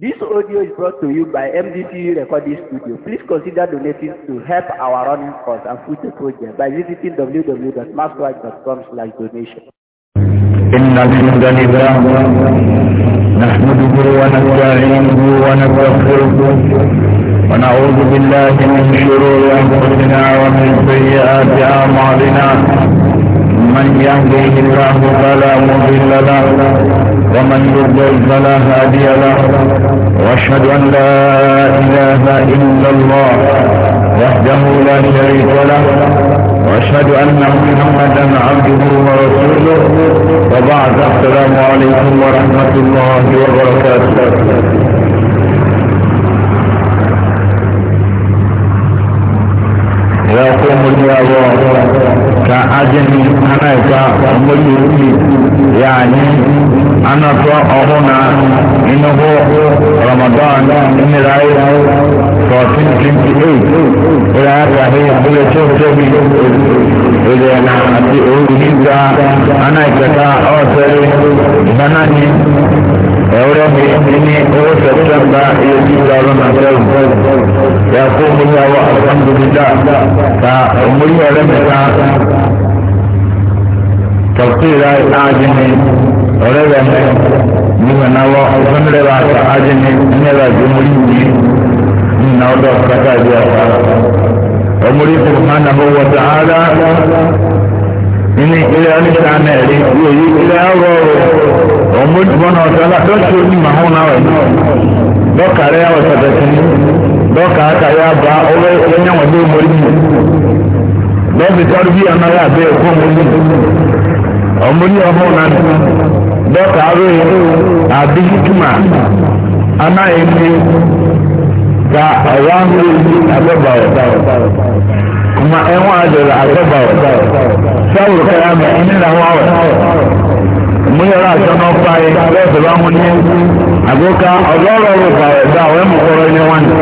This audio is brought to you by MDCU Recording Studio. Please consider donating to help our running costs and future project by visiting www.maskwatch.com slash donation. نحمده ونستعينه ونستغفره ونعوذ بالله من شرور أنفسنا ومن سيئات أعمالنا من يهديه الله فلا مضل له ومن يضلل فلا هادي له واشهد ان لا اله الا الله وحده لا شريك له واشهد ان محمدا عبده ورسوله وبعد السلام عليكم ورحمه الله وبركاته يا قوم يا الله ka ajini ana ka mmoli obi ya anyị anatọ ọhụ na ịnụhụ ramadan mmiri anyị 1428 ụlọ aka ha ebule chọchọbi ụlọ na ati oriri ga anaghị kata ọsịrị gbanani ẹ̀rọ mi ní owó sẹ̀tẹ̀mbà iye tí ó lọ náà sẹ́yìn yà kó mi yà wọ àfọ̀nbùdá ka òmùrí e ọ̀rẹ́ mi ká tọ̀kìrà ájìní ọ̀rẹ́ rẹ̀ mi nígbà náà wọ ọ̀fọ̀nrẹ́ bá ta ájìní ní ẹ̀rọ àti òmùrí mi ní náà ọ̀dọ̀ kọ́tà bí ọ̀fà òmùrí tó máa nà mọ́ wọ́tà ára ní ilé ọ̀nìṣà náà rí dɔkita yi ma hɔn na wɛ dɔkita rɛ ya wɔ sɛbɛ sini dɔkita aka ya ba ɔwɛ ɛnya wɔ bɛ mɔri mu dɔkita tɔri bi yana ya bɛ ɛkɔ mɔri mu ɔmɔri yɛ hɔn na ni dɔkita awɛ abi tuma ana yɛ ni ka ɔwɔ ahoro yi abɛ ba wɔ kuma ɛwɔ adi abɛ ba wɔ sáwùrù kɛyà mɛ ɛni na wɔ awɛ múyẹ̀rọ àjọmọ pa ẹ lẹ́ẹ̀fẹ̀ bá mú ní àgbóká ọ̀gọ́rọ̀ òkà ẹ̀dá ọ̀rẹ́ mọ̀kọ́rọ̀ ẹni wọn ni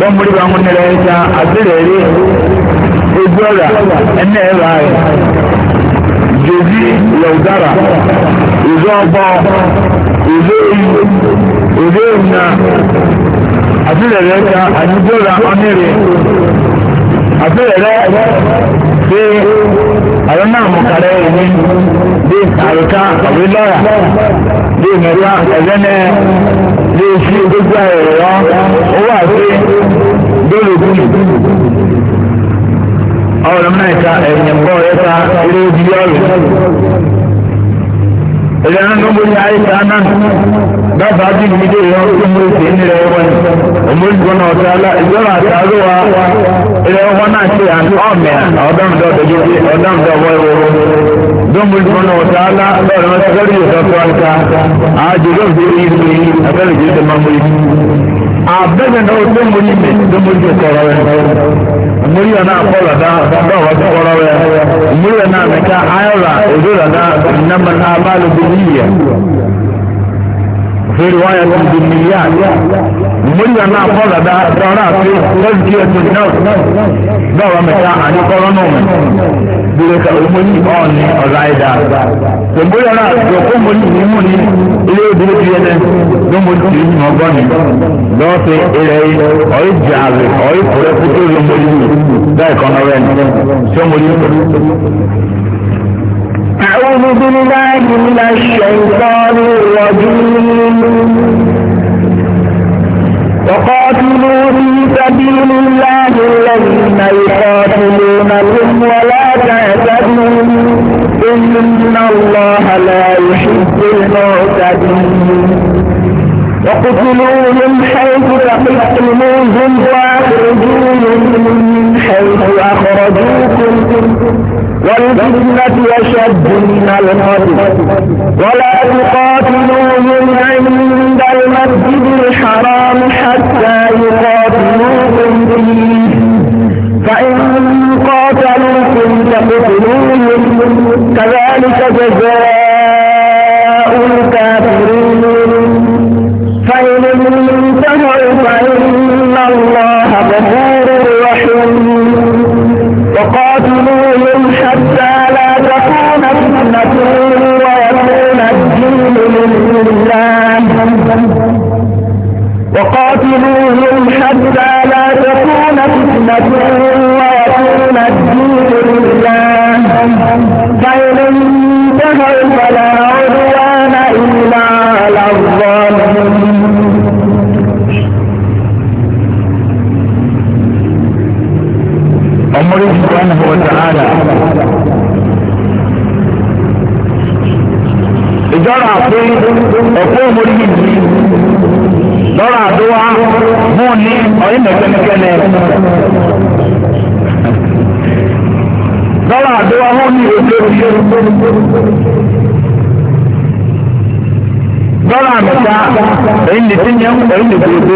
bọ́n múrí bá mú nílẹ̀ ẹja àbílẹ̀ rí ojú ọ̀rà ẹni ẹ̀rọ ayẹ jòjì lọ́ọ̀dára ìzọ́ ọgbọ́ ìzọ́ èyí ìzọ́ èyí náà àbílẹ̀ rẹ̀ ẹja àyíjọ́ra ọ̀nẹ́rẹ̀ àti ẹ̀rẹ́ ṣe àwọn náà mọ̀kàrẹ́ ìwé bíi àrùká àbí lọ́yà bíi mẹ́ta ẹ̀lẹ́nẹ́ bíi sí gbogbo ẹ̀rọ owó àti dólòkùnì ọ̀rọ̀ mẹ́ta ẹ̀yìn bọ́ọ̀ ẹ̀ta ilé ojú yọ̀rù ìlànà lórí àìsà náà dábàá bí ìdílé ìyọ́ ọmọ ìpè nílẹ̀ wọn ọmọ ìgbọ́nà ọ̀tàlá ìjọba àtàrò wa ilẹ̀ wọn náà ṣe àmì ọ̀mẹ́ ọ̀dọ́mdọ́ dojúdé ọ̀dọ́mdọ́ wọ́ọ́wọ́ dọ́mọ ìgbọ́nà ọ̀tàlá lọ́rọ̀ sẹ́lẹ̀ ìsọ̀tọ̀ àìsà àjọyọ̀ ìdílé ìlú yìí abẹ́rẹ́ ìdílé tó máa mú yìí. àbẹ́rẹ́ náà tó mú yìí mẹ́ dọ́mọ ìgbọ́nà ọ̀tàlá murya na mata ayara udura da naman amalu biliya fi riwayatin biliyan mọ́lìyà náà kọ́ dada dọ́ra àti lọ́sìkì ẹ̀sìn náà dọ́ra mẹ́ta àdékọ́rọ́ náà mẹ́. Bùrẹ̀ ka omoni ọ̀ọ́ni ọ̀la ẹ̀dá. Tẹ̀gbọ́yà náà dọ̀kọ́ mọ́lì ní mú ni ilé ìdílé ti yẹn lọ́mọdé ti yìí mọ́ gbọ́n mi. Lọ́ọ̀fẹ́ ilẹ̀ ọ̀yí jàre ọ̀yí kúrẹ́ kúrẹ́ lọ́mọdé mi bẹ́ẹ̀ kọ́ náà rẹ̀ sọ́mọdé أعوذ بالله من الشيطان الرجيم وقاتلوا في سبيل الله الذين يقاتلونكم ولا تعتدوا إن الله لا يحب المعتدين وقتلوهم حيث تقتلوهم واخرجوهم من حيث اخرجوكم والفتنة أشد من القتل ولا تقاتلوهم عند المسجد الحرام حتى يقاتلوكم فيه فإن قاتلوكم فقتلوهم كذلك جزاء الكافرين فإن انتهوا فإن الله غفور وقاتلوهم حتى لا تكون فتنة ويكون الدين لله فإن انتهوا فلا عدوان إلا على الظالمين عمر سبحانه وتعالى إذا أعطيت أقوم omorí lọ́rọ̀ àdúrà mú ní ọ̀yìn mẹ́kẹ́mẹ́kẹ́lẹ́. lọ́rọ̀ àdúrà mú ní òde òde. lọ́rọ̀ àmìta èyí ni tí yẹn èyí ni gbogbo.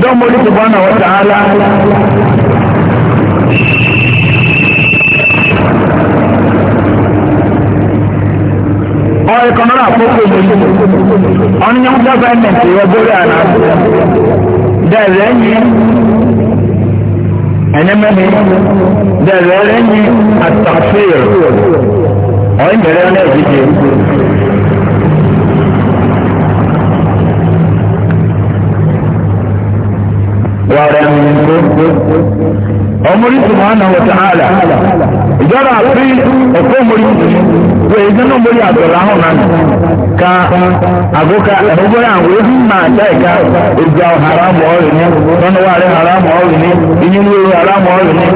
dọ́mọdé tó bá náà wọ́n ta á lá. ọ̀rọ̀ ìkànnà àkókò mi ọ̀nìyàn gọ́ọ̀mẹ̀ntì ọgbọ́rẹ́ àná dẹ̀rẹ̀ yín ẹ̀nẹ́mẹ́ni dẹ̀rẹ̀ yín àtàfíìr ọ̀yìn bẹ̀rẹ̀ ọ̀nà ìdíje. wàrẹ̀ mi gbogbo ọmọdé sùnmọ́nà wọ̀tá àlà ìjọba àfi ẹ̀kọ́ mọ́rí wọ èyí nínú mọ́rí àtọ̀rọ̀ ahọ́n náà ka àgùkà ẹ̀hógbọ́n àwọn ebi máa dá ẹ̀ka ìjà haram ọ̀rìn ní tọ́nuwá rẹ̀ haram ọ̀rìn ní ìyínwó haram ọ̀rìn ní.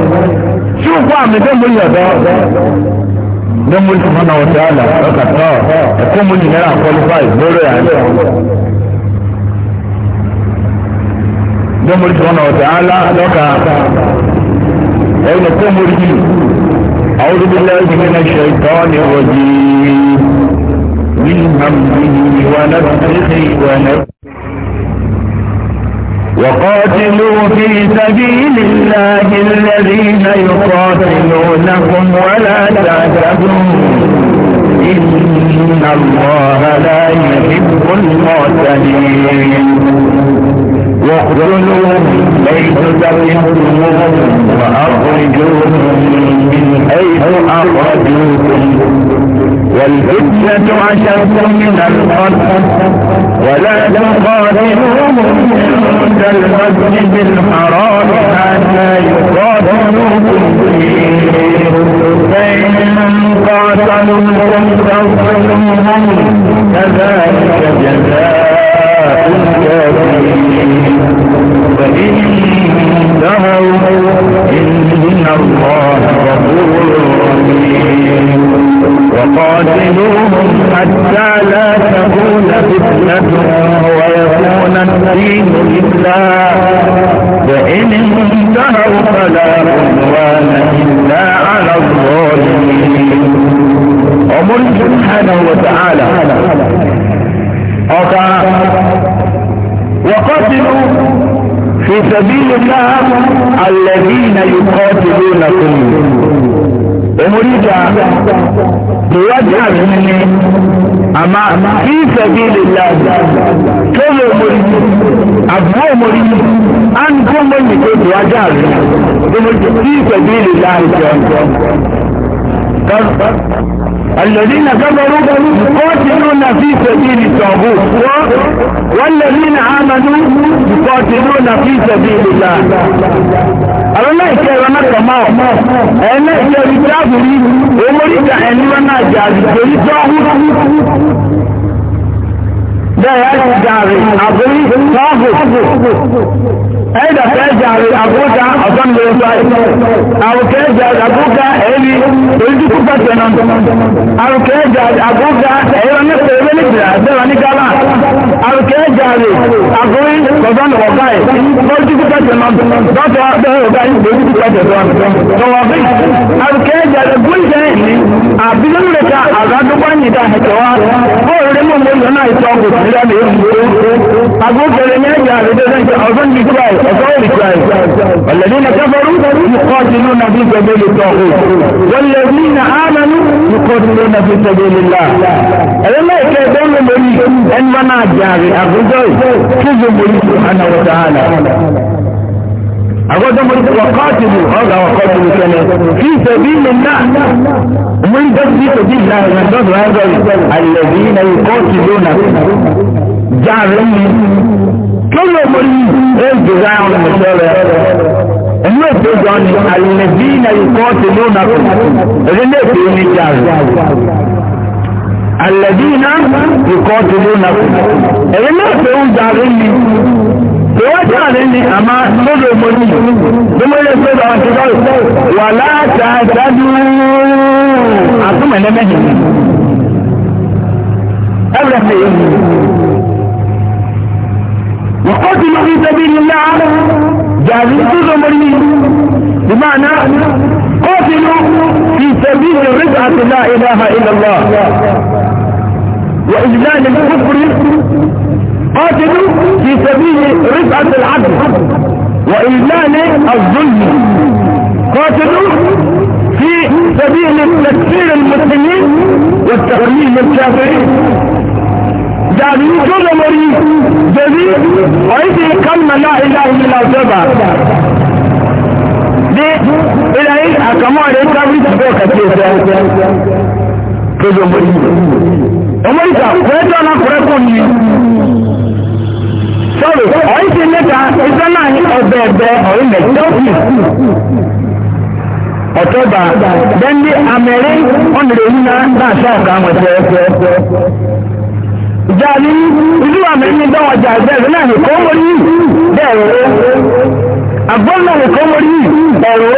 tí o kọ́ àmì tó mọ́rí ọ̀dọ́ ní mọ́rí sùnmọ́nà wọ̀tá àlà ọ̀kàtọ̀ ẹ̀kọ́ mọ́rí náírà qualify lórí àlẹ́ ní mọ́rí sùnmọ́nà wọ̀tá àlà lọ́kà ẹ̀yìn kó mo rí أعوذ بالله من الشيطان الرجيم من همه ونفسه ونفسه وقاتلوا في سبيل الله الذين يقاتلونكم ولا تعتدوا إن الله لا يحب المعتدين واخذلهم حيث تقيموهم واخرجوهم من حيث اخرجوكم والفتنة أشد من القتل ولا تقاتلوهم عند المسجد الحرام حتى يقاتلوكم فيه فإن قاتلوكم فاقتلوهم كذلك جزاء الكافرين فإن دهوا إن الله غفور رحيم وقاتلوهم حتى لا تكون فتنة ويكون الدين لله فإن انتهوا فلا عدوان إلا على الظالمين أمر سبحانه وتعالى ọ̀ka wọ́kọ́tìlú fi sẹ̀bílì náà alẹ́bí na yòkọ́tìlú nàkùnú omorita ìwádìí àmì ni àmà fi sẹ̀bílì náà tóbi omori àbúrò omori àǹkó mọ́nyì tó tó àmì omorita fi náà jẹun. الذين كفروا يقاتلون في سبيل الطاغوت والذين آمنوا يقاتلون في سبيل الله àwọn náà ìṣe ẹ̀rọ náà kàn máa ọ̀ ẹ̀ náà ìṣe ẹ̀rí tí a bù rí omorika ẹ̀ní wọn náà jà àdìgbò yìí tó hù bẹ́ẹ̀ á ti dàrí àbúrí tó hù ẹ̀dà kẹjà àkókà ọ̀sánlẹ̀ẹ́fà àrùkẹjà àkókà ẹ̀rí orídìkú pẹ̀sẹ̀nà àrùkẹjà àkókà ẹ̀rọ nípa ẹgbẹ́ nípa àbẹ́rọ ní gálà àrùkẹjà rẹ̀ àkórí ọ̀sánlẹ̀ wọ̀ká ẹ̀ orídìkú pẹ̀sẹ̀nà dọ́tọ̀ abẹ́rẹ́ ọ̀gá orídìkú pẹ̀sẹ̀nà tọwọ́ bí àrùkẹjà àkókà ẹ̀rí àbílẹ̀mùrẹ̀ka àgbàdúgbànyìdá ẹ̀tọ́wá bóòrè mú mú lọ́nà ìtọ́kù sílẹ̀ mi. àkókò rẹ̀ ní ẹ̀jà rẹ̀ وقوم والذين كفروا يقاتلون في سبيل الطاغوت والذين امنوا يقاتلون في سبيل الله الله يكادون مني ان منع جاري اخرجوا كذب سبحانه وتعالى أقول وقاتلوا هذا وقاتلوا كان في سبيل الله ومن في سبيل الله من هذا الذين يقاتلونكم جعلني kéwì omori ẹ̀ jòzá àwọn ọmọdé rẹ̀ ẹ̀mí òfin jọ ni àlẹ́bí na ikọ́ ti ló na kù ẹ̀rí lè fi ní jàre àlẹ́bí na ikọ́ ti ló na kù ẹ̀rí lè fi ń jàre ni ìwọ́n jàre ni àmà lọ́dọ̀ omori gbẹ́mọ́lẹ́ sọ́dọ̀ àti sọ́dọ̀ wà láti àjádù àtúmọ̀ ẹ̀lẹ́mẹ́hìn ẹ̀rẹ́ fi وقتل في سبيل الله جاهزين تزمرين بمعنى قتل في سبيل رفعة لا إله إلا الله وإجلال الكفر قاتلوا في سبيل رفعة العدل وإجلال الظلم قاتلوا في سبيل تكفير المسلمين والتقليل الكافرين jàbí tó lè mọ̀rí jẹ́bí wọ́n ti kálmà náà ilá ìlú ìjọba dé ilá yìí àkàmọ́ rẹ̀ kábírí tàbí ọ̀kàtí ẹ̀fẹ́ tó lè mọ̀rí ọmọ ìta wọ́n tó alákùnrin kò ní sọ́rọ̀ ọ̀yí ti mẹ́ta iṣẹ́ náà ní ọbẹ̀ ẹ̀bẹ̀ ọ̀yí mẹ́tọ́ọ̀kì ọ̀tọ́ba bẹ́ndé amẹ́rẹ́ ọ̀nà ìròyìn náà náà ṣáà kà á mọ̀ sí ẹ̀fẹ́ jàní ìlú àmì dánwà jà bẹ́ẹ̀ náà ní kó wọ́n yìí bẹ́ẹ̀ rẹ̀ àgbọ̀n náà ní kó wọ́n yìí ẹ̀rọ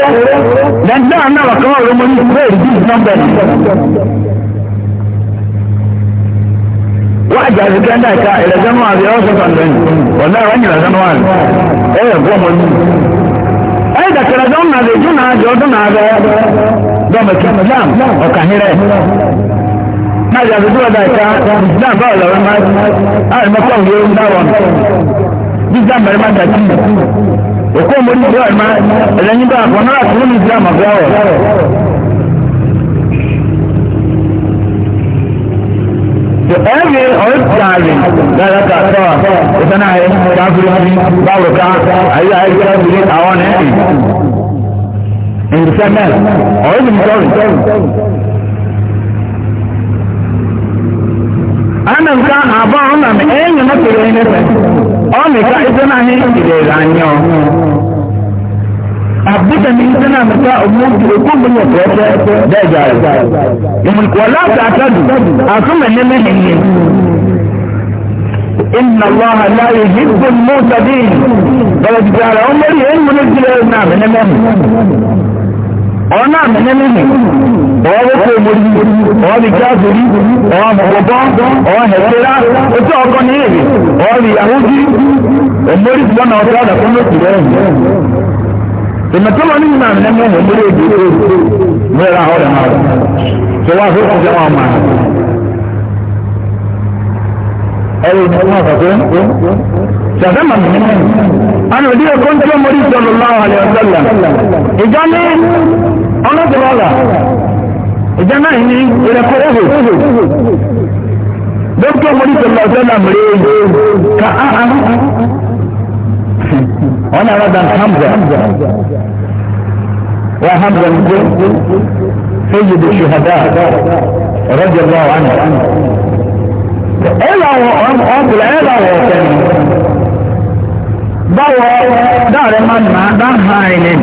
dandan náà wà kọ́ ọ̀rọ̀ mọ́ ní bẹ́ẹ̀ rí bíi nọ́mbẹ̀. wọ́n àjà sí kẹ́ńdà ká ìrẹsẹ̀ náà àbí ọ̀sán kàndẹ́yìn ọ̀dà rẹ̀ ń yẹ̀rẹsẹ̀ náà àná ẹ̀rẹ̀ bọ́ mọ́ ní. ẹ̀yẹ dàkẹ́rẹ́ dánwà náà lè náà jọ dún náà bẹ́ẹ̀ dọ́mẹ̀kẹ́ náà yàtọ̀ sí ọ̀dà ìta islam bá ọ̀lọ́rọ̀ máa àrùn mọ́tò òwe ń bá wọn bí islam bẹ̀rẹ̀ máa dàtí òkú òmòdì ìjọ ẹ̀ máa ẹ̀lẹ́yìn bá àpọ̀ náà kúrò ní islam ọ̀gbẹ́ ọ̀ ẹ̀rẹ́ ọ̀ọ́dàrin dáadáa sọ́wà ìtànà ayé káfíńsì báwòká ayé ayé káfíńsì àwọn ẹ̀rìn ìrìnsẹ́mẹ́ ọ̀ọ́dùn sọ́rùn ana nka abọ ọna m enyo na pere onye nefe ọ mịka ebe na anyị jidere anya ọ abdika min sana mata umman ki ko mun ya kwata da jare mun wala ta tadu asuma ne ne ne inna allaha la yuhibbu al-mutadin balad jara umri in mun jidere na ne ona ne ọwọ́ kó mori ọwọ́ lè já sórí ọwọ́ àmọ̀gbọ́ ọwọ́ hẹ̀kẹ́rá ojú ọkọ̀ ní èrè ọwọ́ lè yàhúdí ọmọdé ti bọ́nà ọ̀sẹ̀ ọ̀dà fún lóṣù rẹ̀ ìmọ̀tọ́mọ̀ nínú àmì ẹ̀mọ́ ọmọdé èdè mẹ́ra ọ̀rẹ́ máa rẹ̀ tó wá fún ọ̀sẹ̀ wọn máa ẹ̀rọ ìdíwọ̀n àkàtọ́ ṣàfẹ́ màmí nínú àwọn òdíyẹ kọ́ńtì ọmọdé sọ̀rọ̀ láwọn àlẹ́ ọ̀sẹ̀ ìjọ ní ọlọ́sọ̀rọ̀ ọ̀la ìjọba yìí ní ìrẹ́pọ̀ ẹ̀hò dókítà mọ́lì sọ̀rọ̀ sọ́nà mẹ́rẹ́ ka áhà wọn náà wọ́n dàn hamza wọ́n hamza ń gbé sẹ́yìn ṣùhàdá rọ́jò lọ́wọ́ àná ẹ̀rọ ọ̀bùlà ẹ̀rọ ọ̀fẹ́ báwo dáàrẹ́ máa ń máa dáhà ẹ̀yìn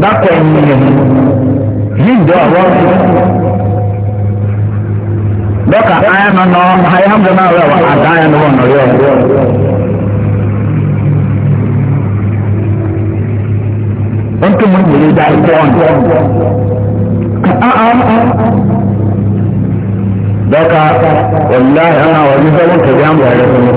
bákọ̀ ènìyàn yìí dọ̀ àwọn dọ́kà ayé nọ nọ ayé hàn bọ̀ náà wẹ̀ wọ àdá ayé nọ nọ yọ. Ntọ́ mu nyere da ikú ọ̀nà. Ah, ah, ah. Dọ́kà wàlúwàyí àwọn àwọn onífẹ́ wọn kẹ̀lé àwọn ẹ̀rẹ́ fún mi.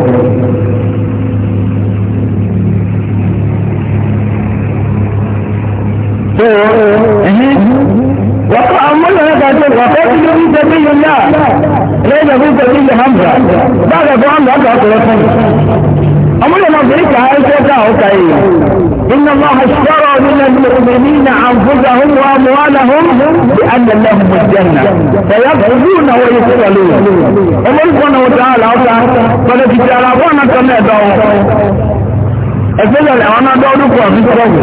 وتأمل هذا وقاتل في سبيل الله ليس في سبيل حمزة بعد أبو حمزة أبو حمزة أمر ما بريك عائشة دعوة إن الله اشترى من المؤمنين أنفسهم وأموالهم بأن لهم الجنة فيخرجون ويسألون أمركم وتعالى فلتجاربون كما دعوه especially àwọn náà dọ́ ọdún kù àti sọ́dọ̀gù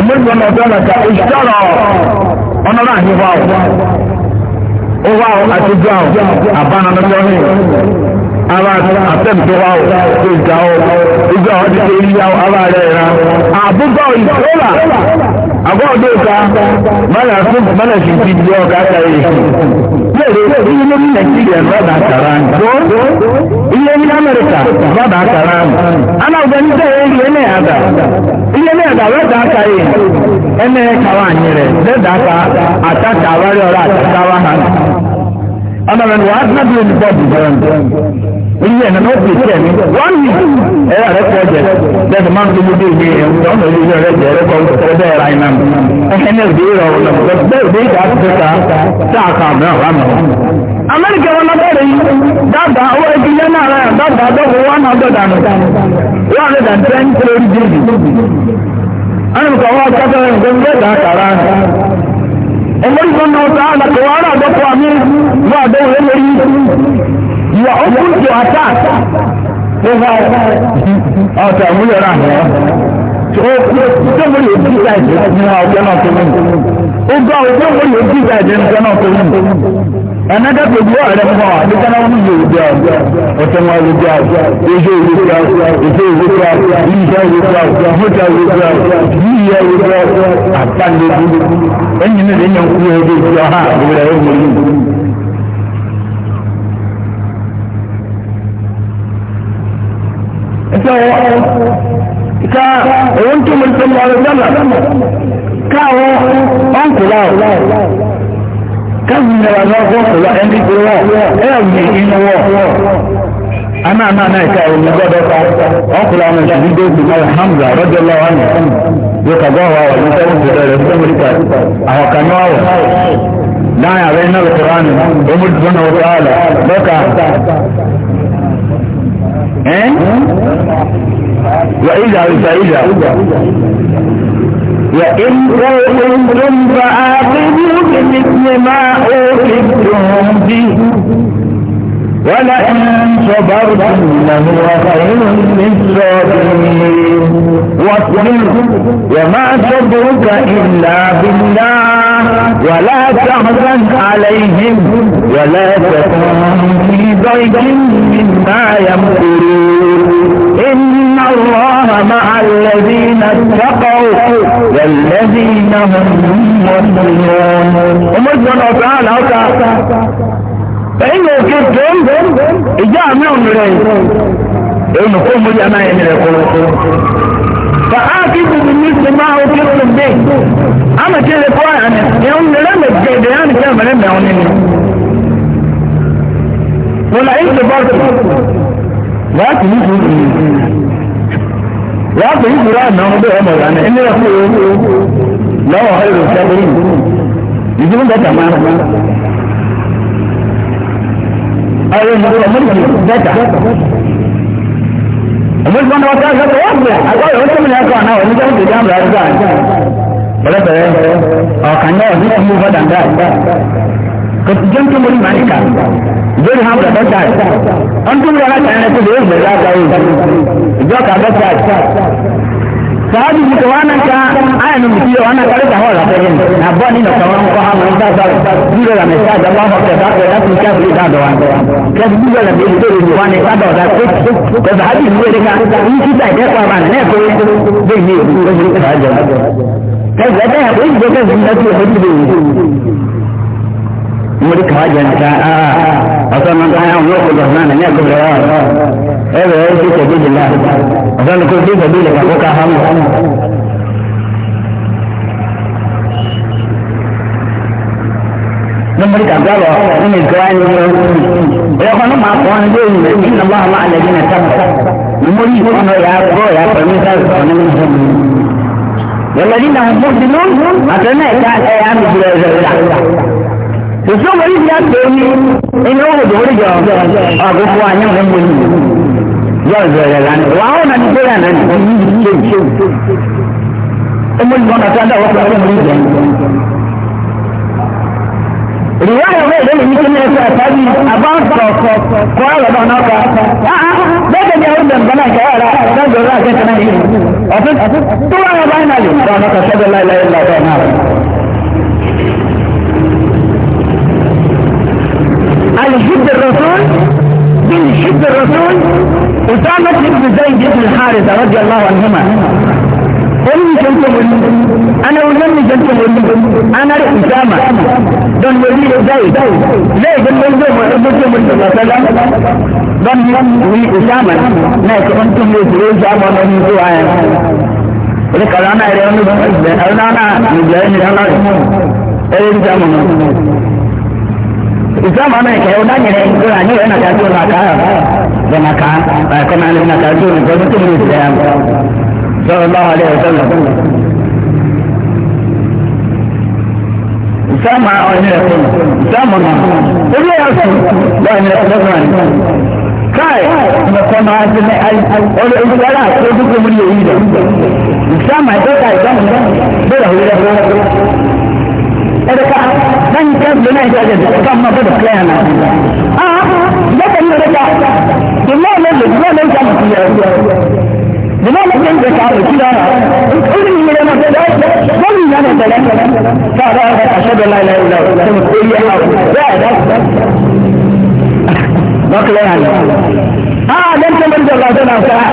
ọmọdé ọmọ ọ̀dọ́ ọ̀dọ́ta ìṣọ́rọ̀ ọ̀nà náà ní wà ó ó wà ó àti gbà ó àbánanọ́jọ́ ní ara àtẹ̀mtò wà ó tó ìjà ó ìjà ó ti ṣe yíyá ó ara rẹ̀ ra àbúgbà ìṣọ́rà àbọ̀ ọdún ìta mọ́nà fún mọ́nà sí ti di ọ̀gá àtàrí èsì lẹ́ẹ̀rẹ́ iye ní nàìjíríà lọ́dà àtàrà iye ní amẹ́ríkà lọ́dà àtàrà aláwùjọ ní sẹ́yìn iye ní àdà iye ní àdà lọ́dà àtàrí ẹnẹ kàwá ànyìn rẹ̀ lẹ́dà àtà àtàkà àwárí ọ̀rọ̀ àtàkà wà hàn ọ̀nà rẹ̀ wà á sábẹ́ olùkọ́ iye nana o ti tẹ mi wọn yi ẹ yà rẹ kọ jẹ bẹẹni máa ń tóbi bí mi ẹ ǹjọ ọmọ ìlú rẹ jẹ rẹ kọ ọmọ tẹlẹ bẹẹ ra iná mi ẹhẹn náà bí rọ ọmọ bẹẹ bí ìjà ti ta tá a kà mìíràn wà mọ. amẹ́ríkà wọn náà bẹ̀rẹ̀ yìí dábàá owó ẹbí yẹn náà rẹ dábàá dọ́wọ́ wọn náà dọ̀ dànù wọn rẹ dàn ẹ̀ ń wà ó kún tó àtà ló bá ọ̀tọ̀ ìmúlẹ̀ rà ní ọ́ tó mo lè bí ìdájì ní ọjọ́ náà tó mú ó gbọ́ ọ tó mo lè bí ìdájì ní ọjọ́ náà tó mú ẹ̀nẹ́dẹ́ gbogbo ọ̀rẹ́ mọ́ àdúgbò náà wọ́n yóò bí ọjọ́ ọ̀tọ̀ wọn lè bí ọjọ́ ìjọ ìwé bí ọjọ́ ìjọ ìwé bí ọjọ́ ìjọ ìwé bí ọjọ́ ìjọ ìwé bí ní lè yàn kú ẹgbẹ́ ha ìwé rẹ̀ ó cewa ka wanke mulkin lalata kawo an kula kan ne wa ko kula en di kula e a ni inu wo ana ana na ka o ni godo ka o kula na shi do ku na hamza radiyallahu anhu yo ka go wa wa ni ta ku da da mu ka a ka no wa da ya bai إيه؟ وإذا فإذا وإن كنتم فآخذوا بمثل ما أوتيتم به ولئن صبرتم لهو خير للصابرين واصبر وما صبرك الا بالله ولا تحزن عليهم ولا تكن في ضيق مما يمكرون ان الله مع الذين اتقوا والذين هم مسلمون ومجمع تعالى ẹ̀yìn òkè tó ń ìjà àmì òmìnira yìí èyí kò mú yàrá yẹn nílẹ̀ kọ́lọ́kọ́. Fa áàkì gbogbo ní ti máa ó kí ló dé. Àmì kí lè kọ́ àná ẹ̀hún mìíràn lè gẹ̀dẹ̀ àmì kí àmì mẹ́wọ́n nínú. Wọ́n náà ìṣe bọ́ọ̀tù. Wàá kì í kú kì í. Wàá kì í kú láàánú ọmọ bẹ́ẹ̀ ọmọ ìlànà ẹni rẹ̀ kú lọ́wọ́ ọ̀hẹ́rẹ́ òṣèlú ọ̀rẹ́ mi ló mọ̀ ní bẹ́tà. Òmùsùn wọn wọ́n sáré sọ́kọ̀ wọ́n gbé àgbọ̀rẹ̀ ó tẹ́mi lẹ́kọ̀ọ́ náà òní jẹ́ ìdí àmì àdúgbò àti bẹ̀rẹ̀bẹ̀rẹ̀ ọ̀kan náà ní ìlú fọ́dà ń dá. Kò tí jẹ́ńtì mo ní màá ní kà. Ìbéèrè hàn bẹ̀rẹ̀ bẹ́tà. Wọ́n tún bí wọn láti ẹ̀rẹ́ tó sababu mtu wanaka haya ni mtio wanakaleta hola sehemu na bwana nino kama mko hapo ndio sasa zile la message Allah kwa sababu ya tatu kia bila dado wangu kwa zile la bila ni wane kada wa tatu kwa sababu ni ile kama hii kita ile kwa bana na kwa ndio ni ndio ni haja kwa zata ya kwa ndio kwa ndio ndio mulika haja ni ta a a wasan man ta ya mu ko da nan ne ko da ẹ̀rọ ẹ̀rọ tó tẹ̀lé ìlú náà ọ̀sán kó tó tẹ̀lé ìlú kó ká hàn wọ́n. Lọ́mọdé kàgbọ́rọ̀ nínú ìgbà ẹni wọ́n ẹ̀rọ kan máa kọ́ ní bẹ́ẹ̀ ìlú ní ìlú àwọn àlejò náà sábà. Mo ní ìfọ̀nà yà gbọ́ yà pẹ̀lú sábà ọ̀nà mi jẹ́ mi. Lọ́mọdé náà mo ti lọ́ àtẹnà ẹ̀ka ẹ̀yà mi jẹ́ ẹ̀rọ Ìṣòwò yìí ti á gbé ní inú òdòdó jọ ọ̀gbọ̀n fún anyáwó yìí yọ̀ọ̀yọ̀ lánàá wàhùn nàìjíríà náà ní ìlú ìṣèlú ọmọ ìgbọ́n náà sáńdà wọ́n fún ọmọ ìgbọ́n. Ìwé àwọn èdè mi ní kí ní ẹsẹ̀ àtàbí àbáǹkọ̀ọ̀kọ̀ kọ́ ọ̀rọ̀ náà náà kọ́. Bẹ́ẹ̀ ni àwọn ìgbọ̀n náà kẹ́ ọ̀rọ̀ àtàbí ọ̀rọ̀ àjẹsẹ̀ náà yìí. Ọ̀fin tó wà wọ́n báyìí náà lè sọ ọ̀nà kan sọ́dọ̀ láìláì lọ́dọ̀ náà. Àlùfíìdì rọ̀tún bí ìṣíìdì rọ̀tún أسامة بن زيد بن الحارثة رضي الله عنهما ولم يجنتم أنا ولم يجنتم أنا أسامة دون ولي زيد لا يجنتم ولم صلى الله عليه وسلم دون ولي أسامة ما كنتم يجرون أسامة من سواء ولكن أنا أرى أن أنا مجاهد أنا أرى أسامة ìsìlámù àmì ẹ̀kẹ́ ọ̀dá nyẹrẹ ìgbéra ní ìwé nàkà tó nàkà rẹ̀ nàkà ẹ̀kọ́ náà lè nàkà tó nìkan tó tóbi nìkan yà sọ̀rọ̀ lọ́wọ́ alẹ́ ọ̀sẹ̀ lọ. ìsìlámù ọ̀nyẹ ẹ̀kọ́ ìsìlámù nà orí ẹ̀yà sùn lọ́wọ́ ẹ̀yẹ ẹ̀kọ́ náà ní. káì ẹ̀kọ́ náà ti ní ọ̀rẹ́ ìgbéra àti ojúkọ̀ mú ní èyí rẹ̀ ìsìlámù ẹ̀kọ́ yi kɛ bulon na yi kɛ kɛ ka ma bɛ dɔ kila yan na aa bɛɛ kɛ ne bɛ taa jumɛn ne bɛ jumɛn ne bɛ taa muso yɛrɛ jumɛn ne bɛ ne bɛ taa o ti la la o ni nin yɛrɛ ma bɛ dɛ ko nin yɛrɛ bɛ dɛ k'a dɔn a ka kaso dɔ la yɛrɛ la o tɛ o yɛ la o bɛɛ yɛrɛ dɔ kila yan na aa denmisɛn bɛ jɔ ka dɔ la o ta aa.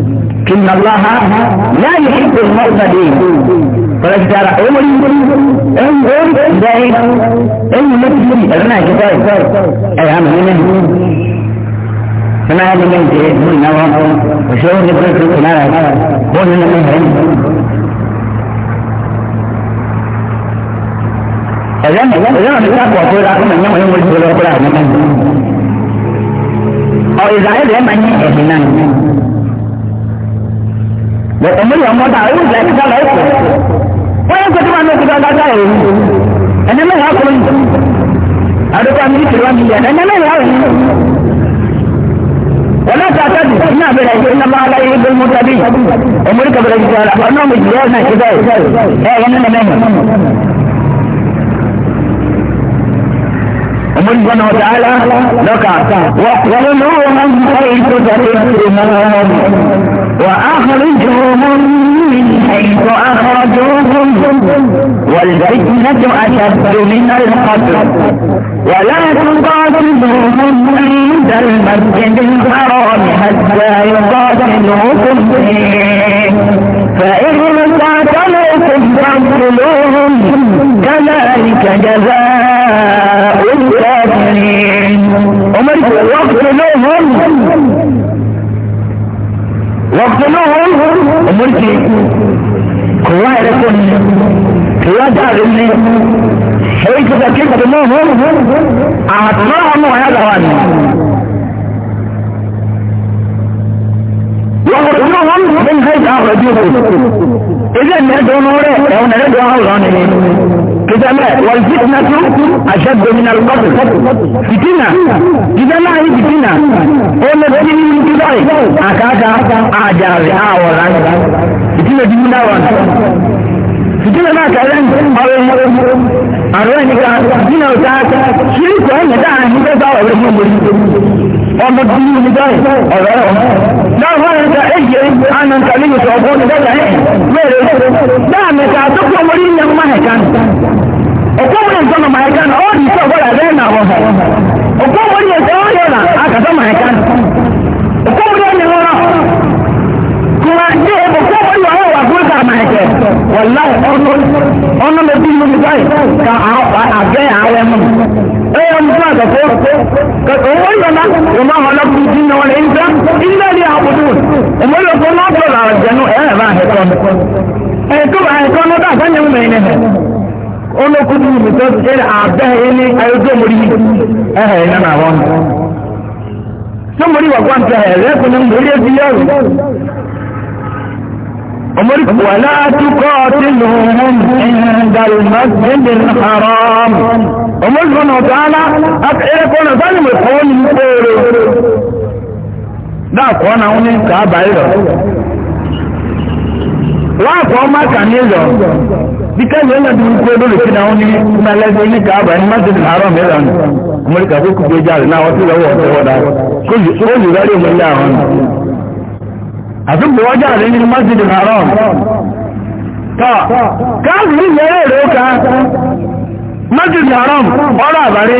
إن الله لا يحب المعتدين فلجدار عمري عمر زائد المسلم أنا كتاب أي عم هنا فما هذا من جهد من نوم وشعور نبرك الكنارة هون المهم فلما فلما نتاك وقول لكم أن يوم يوم الجهد وقول لكم أو إذا عيد يمعني إحنان lọ́tọ̀ mọ́lẹ̀ ọmọdé àwọn ìjà ìjà lọ ẹ̀kọ́ wọ́n yẹ kó tó máa ń lọ́kọ́ dáadáa ẹ̀rọ ẹ̀dẹ́ mẹ́rin akọrin àdókò àmì ìṣèlú àmì ìyẹn ẹ̀dẹ́ mẹ́rin àwọn ẹ̀rọ wọ́n láti àtàdì ní àbẹ̀rẹ̀ ìṣe iná máa láyé gbé mú tàbí ọmọdé kẹfẹ́rẹ́ ti sọ̀rọ̀ àwọn náà méjì lọ́wọ́ náà ṣe bẹ́ẹ̀ ẹ̀rọ nínú mẹ́rin ọmọdé gbọ́nà ọ̀tá àlá lọ́kà wọ́n lọ́wọ́ wọn ń bá èyí tó sọ̀rọ̀ وأخرجوهم من حيث أخرجوهم والفتنة أشد من القتل ولا تقاتلوهم عند المسجد الحرام حتى يقاتلوكم فيه فإن قاتلوكم فاقتلوهم كذلك جزاء الكافرين ومن وقتلوهم wàgbọ́nọ́wọ́ ọmọdé kò wá ẹ̀rẹ́ kọ́ ni kò wá dáre ní èyí tó kẹ́kẹ́ kọ́ mọ́ ọ́n àtúnwá ọmọ ọ̀yá làwọn ni. wàgbọ́nọ́wọ́ ọmọdé kò wá ẹ̀rẹ́ kọ́ ni èyí tó kẹ́kẹ́ kọ́ mọ́ ọ́n àtúnwá ọmọ ọ̀yá làwọn ni kìtàlẹ̀ wọ́n fìtínà tó àṣẹ dominar kọ́tù fìtínà kìtàlẹ̀ ayé fìtínà ó lè fi ní kíkọ́ yìí àkàkà àjàrè àwọ̀rán fìtínà ti mú náà wà fitina na ka ran arwa ni ka dina ta shiri ko ne da ni da ba wa mun mun ọmọ tí ní ìdá ọ̀rẹ́ ọ̀rẹ́ dáhùn ẹ̀ka ẹ̀jẹ̀ àna nkàlẹ́ yìí sọ̀rọ̀ fún ọ̀dọ́ ẹ̀ mẹ́rẹ̀ dáàmì ká tó kọ́ mọ́rí ní ẹ̀mọ́ ẹ̀ka ọ̀pọ̀ mọ́rí ní sọ́nà màá ẹ̀ka ọ̀dì sọ̀rọ̀ ẹ̀rẹ́ nà wọ̀ ọ̀pọ̀ mọ́rí ní sọ́nà ọ̀yọ̀ nà àkàtọ́ màá ẹ̀ka ama ẹ̀jẹ̀ wọ̀láì ọ̀nà lè bí lómi báyìí ka àbẹ́ àwọn ẹ̀mọ́ ẹ̀ yẹ ọmọ fún àgbẹ̀fọ́ owó yọ̀nà ọmọ àwọn ọlọ́kùnrin ti náwó lẹ́yìn sá ilé ní àbùdù ọmọ yọ̀kọ́ náà bọ̀rọ̀ àjẹ́ náà ẹ̀ rà ẹ̀kọ́ ẹ̀kọ́ ẹ̀kọ́ náà dàgbà ní ọmọ ẹ̀yìn ẹ̀hẹ̀ olókùnrin mi tó ṣe àbẹ́ ẹni ayọ́jọ́ mọ́rí ẹ̀hẹ̀ ẹ̀ náà wọ́n. sọ́mọ́rí wà ولا تقاتلهم عند المسجد الحرام ومن سبحانه وتعالى أفعل كون ظالم القوم يقولوا دا كون هوني كابا إيرا لا كون ما كان إيرا بكان يلا بيقولوا لكنا هوني ما لازم كابا المسجد الحرام إيرا أمريكا فوق بيجال نا وطيلا هو كل كل ذلك من الله àtúgbò ọjà rẹ̀ nínú masjid haram tọ́ káàkiri yẹ́rẹ́ rẹ̀ ó ká masjid haram ọ̀rọ̀ àbárí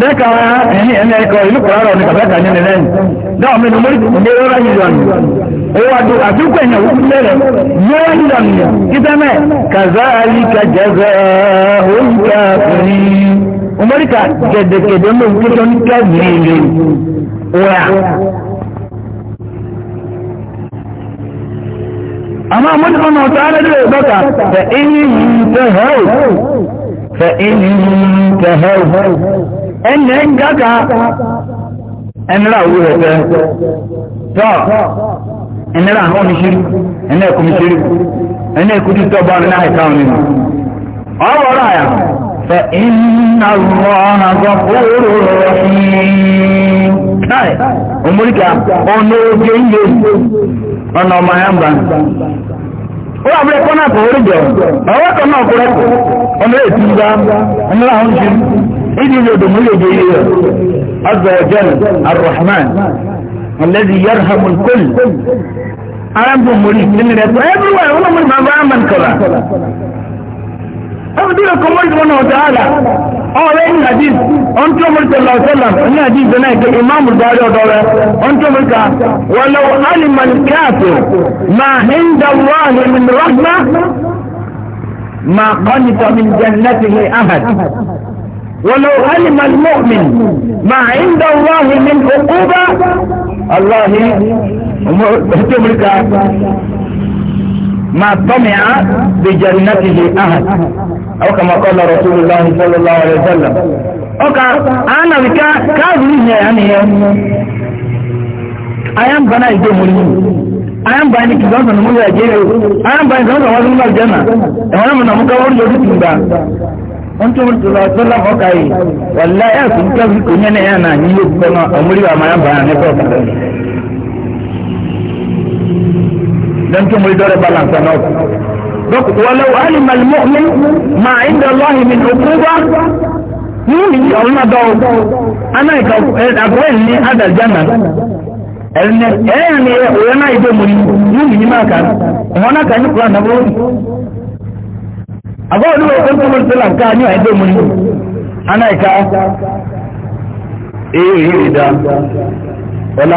dẹ́ka ẹ̀yìn ẹ̀nà ẹ̀kọ́ ìlú kọ̀ọ̀rọ̀ ní kàfẹ́kà ní ẹ̀lẹ́yìn dáwọn mẹ́rin mọ́rí ìgbéró rẹ̀ yìí lọ́nà owó àdúgbò ẹ̀yàn wọ́n mẹ́rẹ̀ yóò yìí lọ́nà kíkẹ́ mẹ́ kàzáàlì kàjẹ́zẹ́ oúnjẹ àfẹ́rí ọmọríkà gẹ̀dẹ̀gẹ̀dẹ̀ mọ́ òkútọ́ ní kẹ́gbìnrin wà àmọ́ àmọ́dé ọmọ ọ̀tọ́ alẹ́dẹ̀ ìbọ́ta fẹ̀ ẹnẹ ń gàgà ẹnìrà owó rẹ̀ fẹ́ tọ́ ẹnìrà àwọn oníṣirí ẹnìrà ẹ̀kọ́ oníṣirí ẹnìrà ẹ̀kọ́ títọ́ bá ọ̀rẹ́ náà ẹ̀ka ọ̀nà ọ̀rọ̀ ọ̀rọ̀ àyà fẹ́ iná lọ́nà gbọ́kúrò rọ̀hìn káì òmùríkà ọ̀nà oge ń lè ọ̀nà ọmọ ayámbá ó wà bẹ́ẹ̀ kọ́nà àpò orí jọ ọwọ́ kan náà kúrẹ́ ọmọ rẹ̀ ti gba ọmọ rẹ̀ àwọn jù ìdí ilé òdòmú lè dé ilé rẹ̀ azọ ọjọ́n arrahman ọ̀lẹ́dì yarhamu kọ́lì mori nínú rẹ̀ pẹ̀lú everywhere wọn mọ̀ ní bàbá àmàlùkọ̀lá ọmọdé ọkọ̀ mọ́rin mọ́nà ọ̀dọ́ àlà ọ̀rẹ́ ní hadith ọ̀n tó mú sọ̀lá sọ̀lá ní hadith náà ẹ̀kẹ́ ìmáàmù dárí ọ̀dọ́ rẹ̀ ọ̀n tó mú ká wọlé alimani káàtó máa ń dá wáhì min máa kọ́ni tó min jẹ́nẹ́tì ní ahad. ولو علم المؤمن ما عند الله من عقوبة الله تملك ما طمع بجنته أحد أو كما قال رسول الله صلى الله عليه وسلم أوكا أنا بك كاظمين يعني أيام بنا يجي مريم أيام بنا كي زوجة نمو يجي أيام بنا زوجة وزن الله الجنة وانا من أمك أول جوجة تنبا أنتم صلى الله عليه وسلم أوكاي والله يا سنكا في كنين أنا نيجي بنا أمري وما ينبع نفسك dan tó mo rí dọ́rẹ̀ balance náà. donc wàlẹ́ wà á lè màlì mọ́ọ̀mí máa ń dọ̀ lọ́hìn mi òkúba ní ìyí ọ̀run náà dọ̀wọ́ aná ìka àgọ́ ẹ̀ ní adàjánà ẹ̀rìnẹ̀ ẹ̀yà ni òyìn náà ìdó mo ní ní ìyí máa kà ọ̀hún náà kà ní kúrò àná bó àgọ́ òní wo pẹ́ńtọ́ mo ti là ń ká ní ìdó mo ní aná ìka èyí ìdá ọ̀là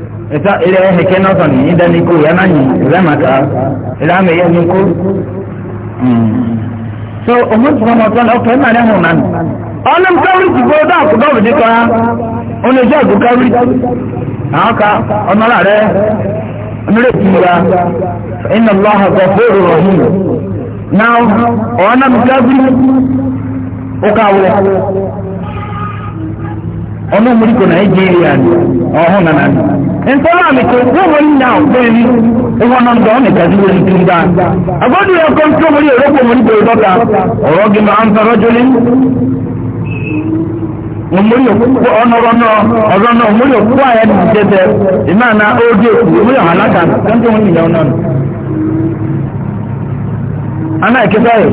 ita ile heke na sani ida hmm. ni ko yana ni zama ka ila me ya ni ko so omo tuma mo tan o pe ma le honan onam kawri ti go da ko do de ko ono je ko kawri aka ono la re ono le ti ra inna allaha ghafurur rahim now onam kawri o kawo ọ̀nà òmùrìkò nàìjíríà ni ọ̀hún nana ni. ntọ́lá mi kò wọ́n wọ́n ní àwọn bẹ́ẹ̀ ni ìwọ̀n náà dọ̀ ọ́nà ìtàjú wọn ti ń bá. àgọ́dù yẹn kọ́ tó wọlé òrókò òmùrìkò ìdọ́ta ọ̀rọ̀ gí máa ń tọrọ jọlé. òmùrì òkú ọ̀nà ọ̀rọ̀ náà ọ̀rọ̀ náà òmùrì òkú àyẹ̀ ní ìjẹ́tẹ̀ ìmáàna ódì òkú òmùrì ọ̀hánàkà أنا كفاية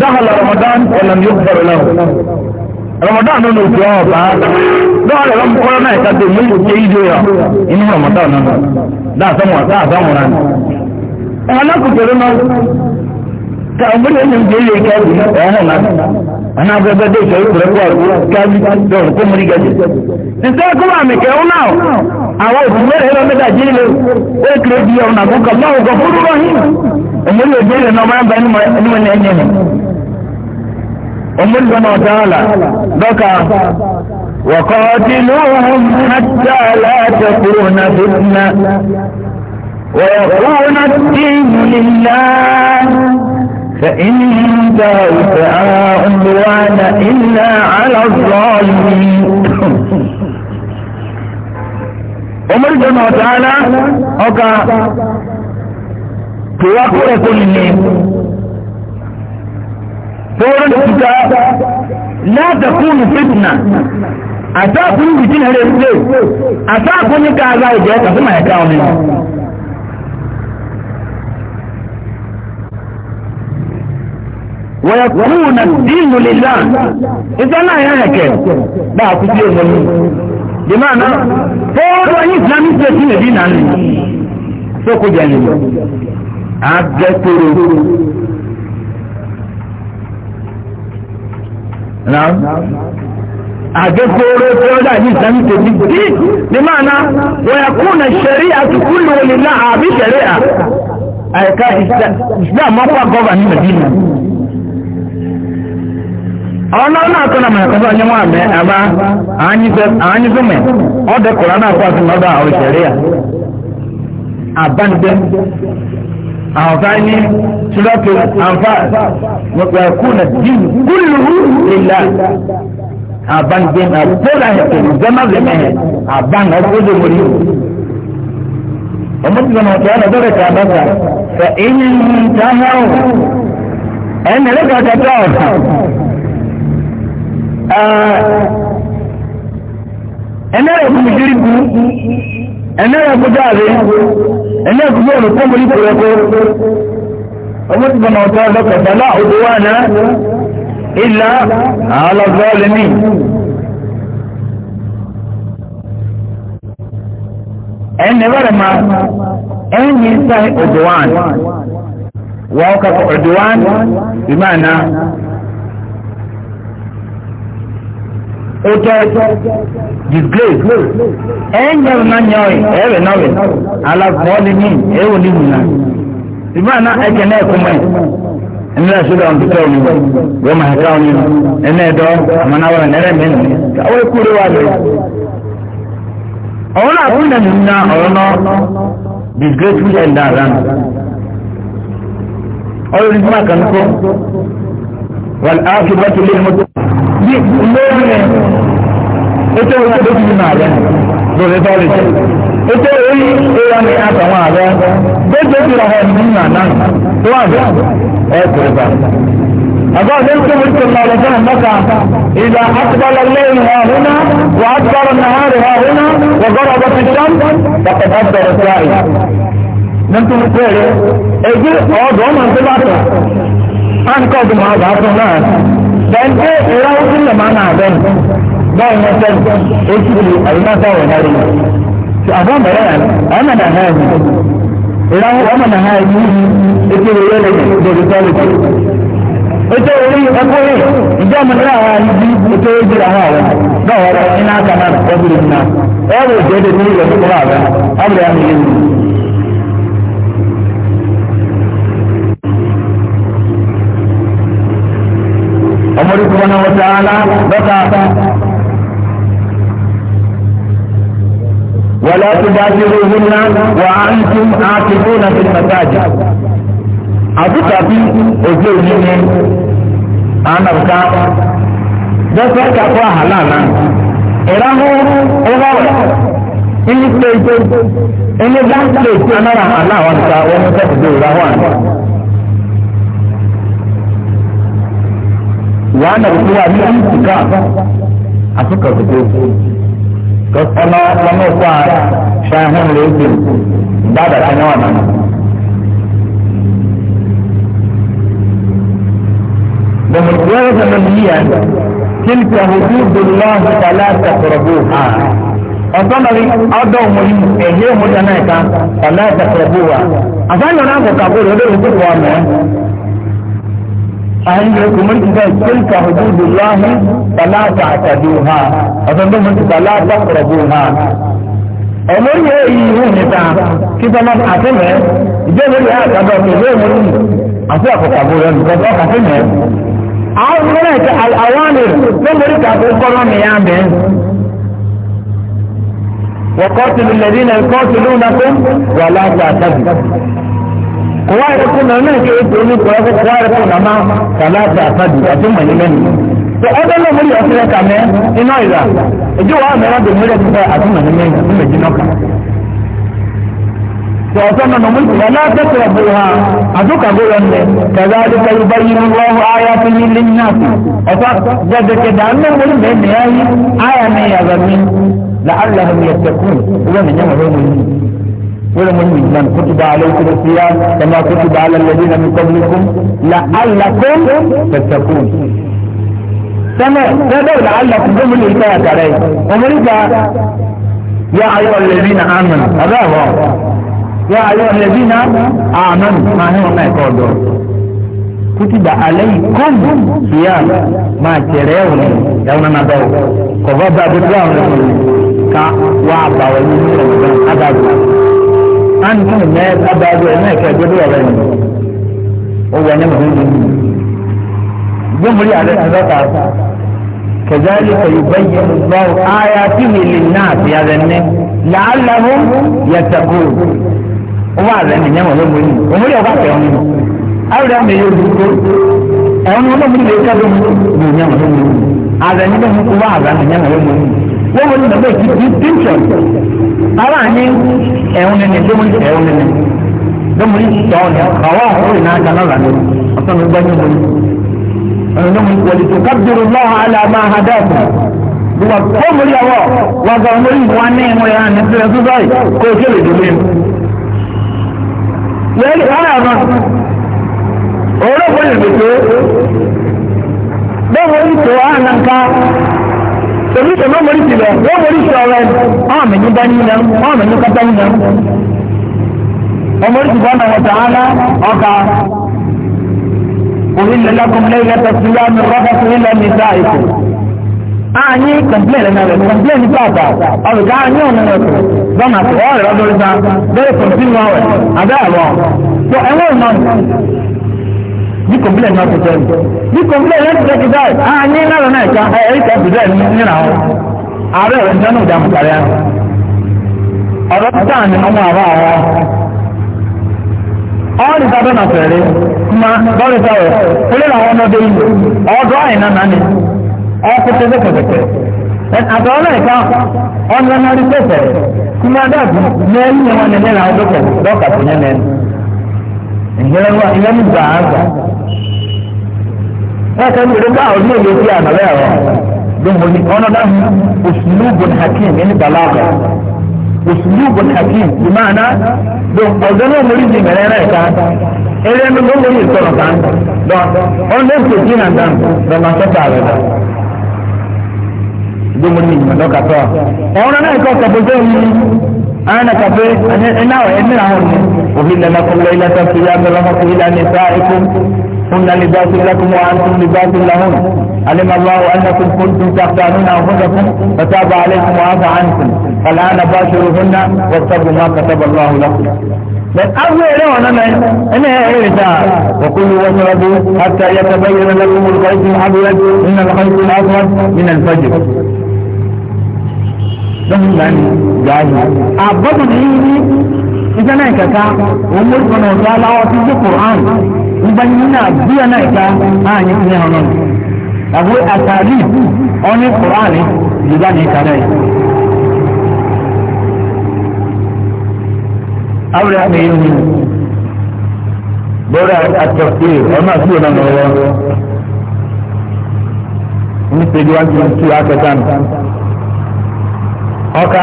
دخل رمضان ولم يغفر له ramadan nínú ìjọ ọba lọ́ọ̀rẹ̀ lọ́mú kọ́lọ́ náà ẹ̀ka tó mú ṣe ìjọ yọ inú ramadan nínú dáàtọ́mù dáàtọ́mù rán ni. ẹ̀hán náà kò tẹ̀lé náà ka ọ̀gbìn ẹ̀yìn ìjọ ilé ìka ẹ̀rù ọ̀hún náà ọ̀nà abẹ́bẹ́ dé ìṣòro ìkúrẹ́ pọ̀ káàbí dọ̀rọ̀ kó mú rí gẹ̀jẹ̀. ṣiṣẹ́ kó wà mí kẹ́hún náà àwọn òṣìṣẹ́ rẹ̀ lọ́mọ méjì jírí lé ó kéré di ọ̀nà àbúkọ̀ máa ń gọ̀ fúrúrọ̀ yìí. èmi ò gbé ìrìn náà máa ń bá ẹni mọ̀ ẹni mọ̀ ní ẹ̀yìn náà. ومن ما وتعالى بكى وقاتلوهم حتى لا تكون فتنة ويكون الدين لله فإن انتهوا فآ عدوان إلا على الظالمين عمر جمع تعالى أوكا توقع كل sauran cuta la ta kunu fitna a ta kun bikin hare ne a ta kun yi ka za a je ka kuma ya kawo ne wa yakuna ad-din lillah idan la ya hake ba ku ce mun bi ma'ana sauran islamic state ne dinan ne so ku jani a gaskoro àgẹ́kọ̀ọ́rọ̀ tí ó dàbí ìsàmì tèmi dí ní máa na wọ́n yà kún nà ṣẹ̀rí àtúkú lò ní náà àbí ṣẹ̀rí à àyíká ìsìlámù ọkọ̀ àgọ́bà ní mẹ̀dínà ọ̀nà náà kọ́nà na ẹ̀kọ́ sọ́ọ́ nyẹ́wọ́n àmẹ́ àbá àányí sọ́mẹ̀ ọ̀dẹ́kọ̀ọ́rọ̀ náà kọ́ àti mọ́dọ̀ àwọn ṣẹ̀rí à àǹfààní sílọ́pù àǹfààní wẹ̀kúnà dín kúlùú ìlà àbángbẹ́n àbúrò àyẹ̀kọ̀ ìgbẹ́mọ̀gbẹ́mẹ́ àbán ọgbọ́dọ̀ mọ́rí. ọmọdébọ̀nà ọ̀tọ̀ ọ̀nà bẹ̀rẹ̀ kà lọ́kà fẹ̀ ẹ̀yìn táwọn ẹ̀yìn lọ́kà kẹta ọ̀sán. ẹ̀nẹ́rẹ̀ kùn ìdírí kù ẹ̀nẹ́rẹ̀ kùn ẹni ẹ̀kúgbé ọ̀rọ̀ fún mi kò rẹ̀kọ́ ọmọ tí bọ̀nà ọ̀tọ́ ọlọ́kọ̀ bọ̀lá òdò wà náà ilà àlọ́gbọ́ lẹ́mí. ẹni wẹ́rẹ̀ ma ẹni sáì òdò wà wọ́n kọ́ òdò wà bí máa náà. ote disgrace ẹnyẹrù náà nyọ yìí ẹrẹ náà wẹ alakọọlì ní ẹwọ ní nyina ìbá náà ẹkẹ náà ẹkọ mọ ẹ ẹnlẹ ẹsọ dọ nkúta ọmọ wọn máa ká ọmọ ẹnlẹ ẹdọ àmànáwọ ẹnlẹ mẹnu káwọ ẹkú rẹ wà lẹ ọwọ náà fún ẹnu nyina ọrọ náà disgraceful ẹnda àrà nù ọrọ ní fún àkànkọ wàlẹ àfíwájú lé mọtò bí lórí ètò ìwé tó ti nà rẹ lórí bọ́ọ̀lì jù ètò orí ìwé ni àtàwọn àrẹ gbèsè ti rà hàn nínú àná tó wà bẹ́ẹ̀ ẹ kúrò bá. أقول لكم صلى الله عليه مكة إذا أقبل الليل ها هنا وأدبر النهار ها هنا وضربت الشمس فقد أدبر السائل نمتم السائل أجي أعود ومن ثلاثة أنقذ ما ذاته الناس لأن إيه إيه إيه إيه إيه bayan ya san ya ci bulu a yi ma sa wa hari to a ba mara yana a yana na hari idan wa mana hari ya ce wuri yana da misali ce ita wuri ya koyi idan mun ra hari ji ita ya jira hawa ba wa ina kana da kaburi na ya bai je da ni da kuma ba abu da ya mai yin أمركم وتعالى بقى ولا تباشروهن وأنتم عاكفون في المساجد àtúkà bí ojú òní ni anàbùká dẹ́sẹ̀ kàkọ́ àhàlà náà ìrànwọ́ ọgọ́rọ̀ inú péjọ inú dáńtì anára àhàlà wọn ká wọn ní sẹ́kùdé ìrànwọ́ àná. wàá nàbùkú wa ní ìtìká àtúkà òkúté ọmọ ọmọ òkú à ṣáhùn lè dùn dáadáa sí náà nà. بمجرد منهيا تلك حدود الله فلا تقربوها ọ̀tọ́nà rí ọdọ̀ òmòyí èyí òmòyí ọ̀nà ẹ̀ka ọ̀lá ẹ̀sẹ̀ wa àfáàyàn náà kò kàkó rẹ̀ ó lè أن يكم الكتاب تلك حدود الله فلا تعتدوها أظن من فلا تقربوها أمر يأيون نتا كيف من أتمه جمر يأتبه كذوم أسيق قبولا كذوم أتمه أعوذ منك الأوامر نمر كذوم قرم يامه وقاتل الذين يقاتلونكم ولا تعتدوا kawai ko na nan ke ko ni ko ko kawai ko na ma kala ta fadi a tun mani nan to adan na muri asira ka me ina ida ji wa me wanda muri ta a tun mani nan tun da jinoka to asan na mun wala ta tarabuha aduka goran ne kazalika yubayyinu Allahu ayatihi lin-nas asa da da ke da nan mun ne yayi aya ne ولم من كتب عليكم الصيام كما كتب على الذين من قبلكم لعلكم تتقون كما سمع لعلكم هم اللي كانت عليه ومرجع يا ايها الذين امنوا هذا هو يا ايها الذين امنوا ما هو ما يقول كتب عليكم صيام ما ترون يوم ما دو كفر بابتلاهم لكم كا وعبا ولمن رمضان هذا àǹtí mẹ́ abájọ ẹ̀ náà kẹ́gbẹ́ bí ọ̀rẹ́ yìí ó wọ ní mọ̀lẹ́ yìí gbọ́mọlé àlẹ́ ti dọ́ta kẹjáàlì kẹyì bẹ́yẹ lọ́wọ́ ayé àti ìlì náà ti àrẹ ní làálàmú yẹtẹ̀kù ó wà àrẹ nìyẹn mọ̀lẹ́ mọ̀lẹ́ yìí òmùlẹ̀ ọba kẹ̀ ọ́nù àwùrẹ́ mi yóò dúró ẹ̀wọ̀n ọlọ́mọdé lè kẹ́ lómi lòyìn mọ̀lẹ́ mọ̀lẹ́ àrẹ nígbà mú kó wà àrẹ nìyẹn mọ̀lẹ́ mọ̀lẹ́ yìí wọ́n wọ́n nígbà bẹ́ẹ̀ ti distinction ara ní ẹ̀hún nínú ẹ̀dọ́mọ̀ ní ẹ̀hún nínú ẹ̀dọ́mọ̀ ní sọ̀ọ́ ní àwọn ọ̀hún rìn náà dáná rà ní ọ̀sán mi gbọ́ ní ọmọ yìí ọ̀nàmọ̀ ìwọ̀lì tó kábìrì lọ́wọ́ aláàmà àdáàkù wọ́n kọ́ mórí ọwọ́ wọ́n gbọ́ mórí wọn ní ìwọ̀n yàrá ní ìpínlẹ̀ tó báyìí kó o tẹ̀lé tẹ̀lé mọ́rí ti lọ wọ́n mọ́rí ti ọ̀rẹ́ ọ̀mọ̀ ní báyìí náà ọ̀mọ̀ ní kọ́tà yìí náà ọmọ ìdìbò náà wọ́n tààlà ọ̀ka òhìn lẹ́lẹ́kùn lẹ́yìn tẹ̀síyá mi rọ́bà sí ilẹ̀ mi dá ìkù. Ààyè kọ̀m̀pléèn náà rẹ̀ kọ̀m̀pléèn ní pàpà ọ̀rùka ààyè ọ̀nà rẹ̀ kù lọ́nà àti ọ̀rẹ́ ọdún ìta bẹ́ẹ̀ kọ̀m̀pléèn wọn rẹ̀ abẹ́ ẹ̀rọ. Ẹ̀wọ̀n náà bí kòmílẹ̀ náà kò tẹ́lẹ̀ bí kòmílẹ̀ náà ti tẹ́kì báyìí a ní lára náà ìka ẹ̀ ẹ̀rí kan bìrẹ̀ nínú àwọn ààrẹ rẹ̀ nínú ìdààmú kárí á ọ̀rọ̀ títà ní ọmọ àbá àwọn ọ̀rọ̀ nípa bẹ́ẹ̀ náà fẹ̀rẹ̀ kuma bọ́ọ̀lù sọ̀rọ̀ kúlẹ̀ àwọn ọmọdé yìí ọ̀dọ́ àyìnà náà ni ọ̀kútẹ́ sẹ́kẹ̀sẹ̀kẹ̀ àtọ̀ọ́lá ìka ọ̀nà náà rí sẹ́kẹ̀rẹ̀ kuma dàbí mẹ́rin ni wọ́n ní ní ẹ̀ka ní ìrẹ́gbẹ́ àwọn ilé ìlú ti ànàlẹ́ ẹ̀rọ lóhùn ní ọ̀nà dáhùn òṣùlùbùn hakim ẹni balaga òṣùlùbùn hakim ìmáàná lóhùn ọ̀dọ́ náà mórí di mẹ́rẹ́ náà ẹ̀ka ẹ̀rẹ́ mi ló mórí ìtọ́nà kan lọ ọ̀nà ètò ìdí náà dán lọ́mọ sọ́tà rẹ̀ lọ. lóhùn ní ìmọ̀ lọ́kàtọ́ ọ̀nà náà ẹ̀kọ́ kàbọ̀jọ́ yìí أنا كفيت أنا أنا وإني أهون أهل لكم ليلة هن لباس لكم وأنتم لباس لهن علم الله أنكم كنتم تختارون أنفسكم فتاب عليكم وعفى عنكم فالآن باشروهن واتقوا ما كتب الله لكم أول يوم أنا أنا إيتا وكلوا واشربوا حتى يتبين لكم الخيط الأبيض من الخيط الأسود من الفجر ثم يعني عبدوا ita náà kẹta òun ló sọnà ọ̀dọ́ aláwọ̀ tí ó kò hàn nígbà yìí náà bí ẹ̀ náà ìta náà yẹ kí ẹ hàn náà àbúrò àtàrí ọ̀ní kùránì ìjọba ní ìta náà. àwòrán àmì yìí ni bọ́ọ̀rọ̀ àtọ̀kì ọ̀nà àti ọ̀nà ọ̀rọ̀ ní pẹ̀lú àti ìtura kẹta nù. ọkà.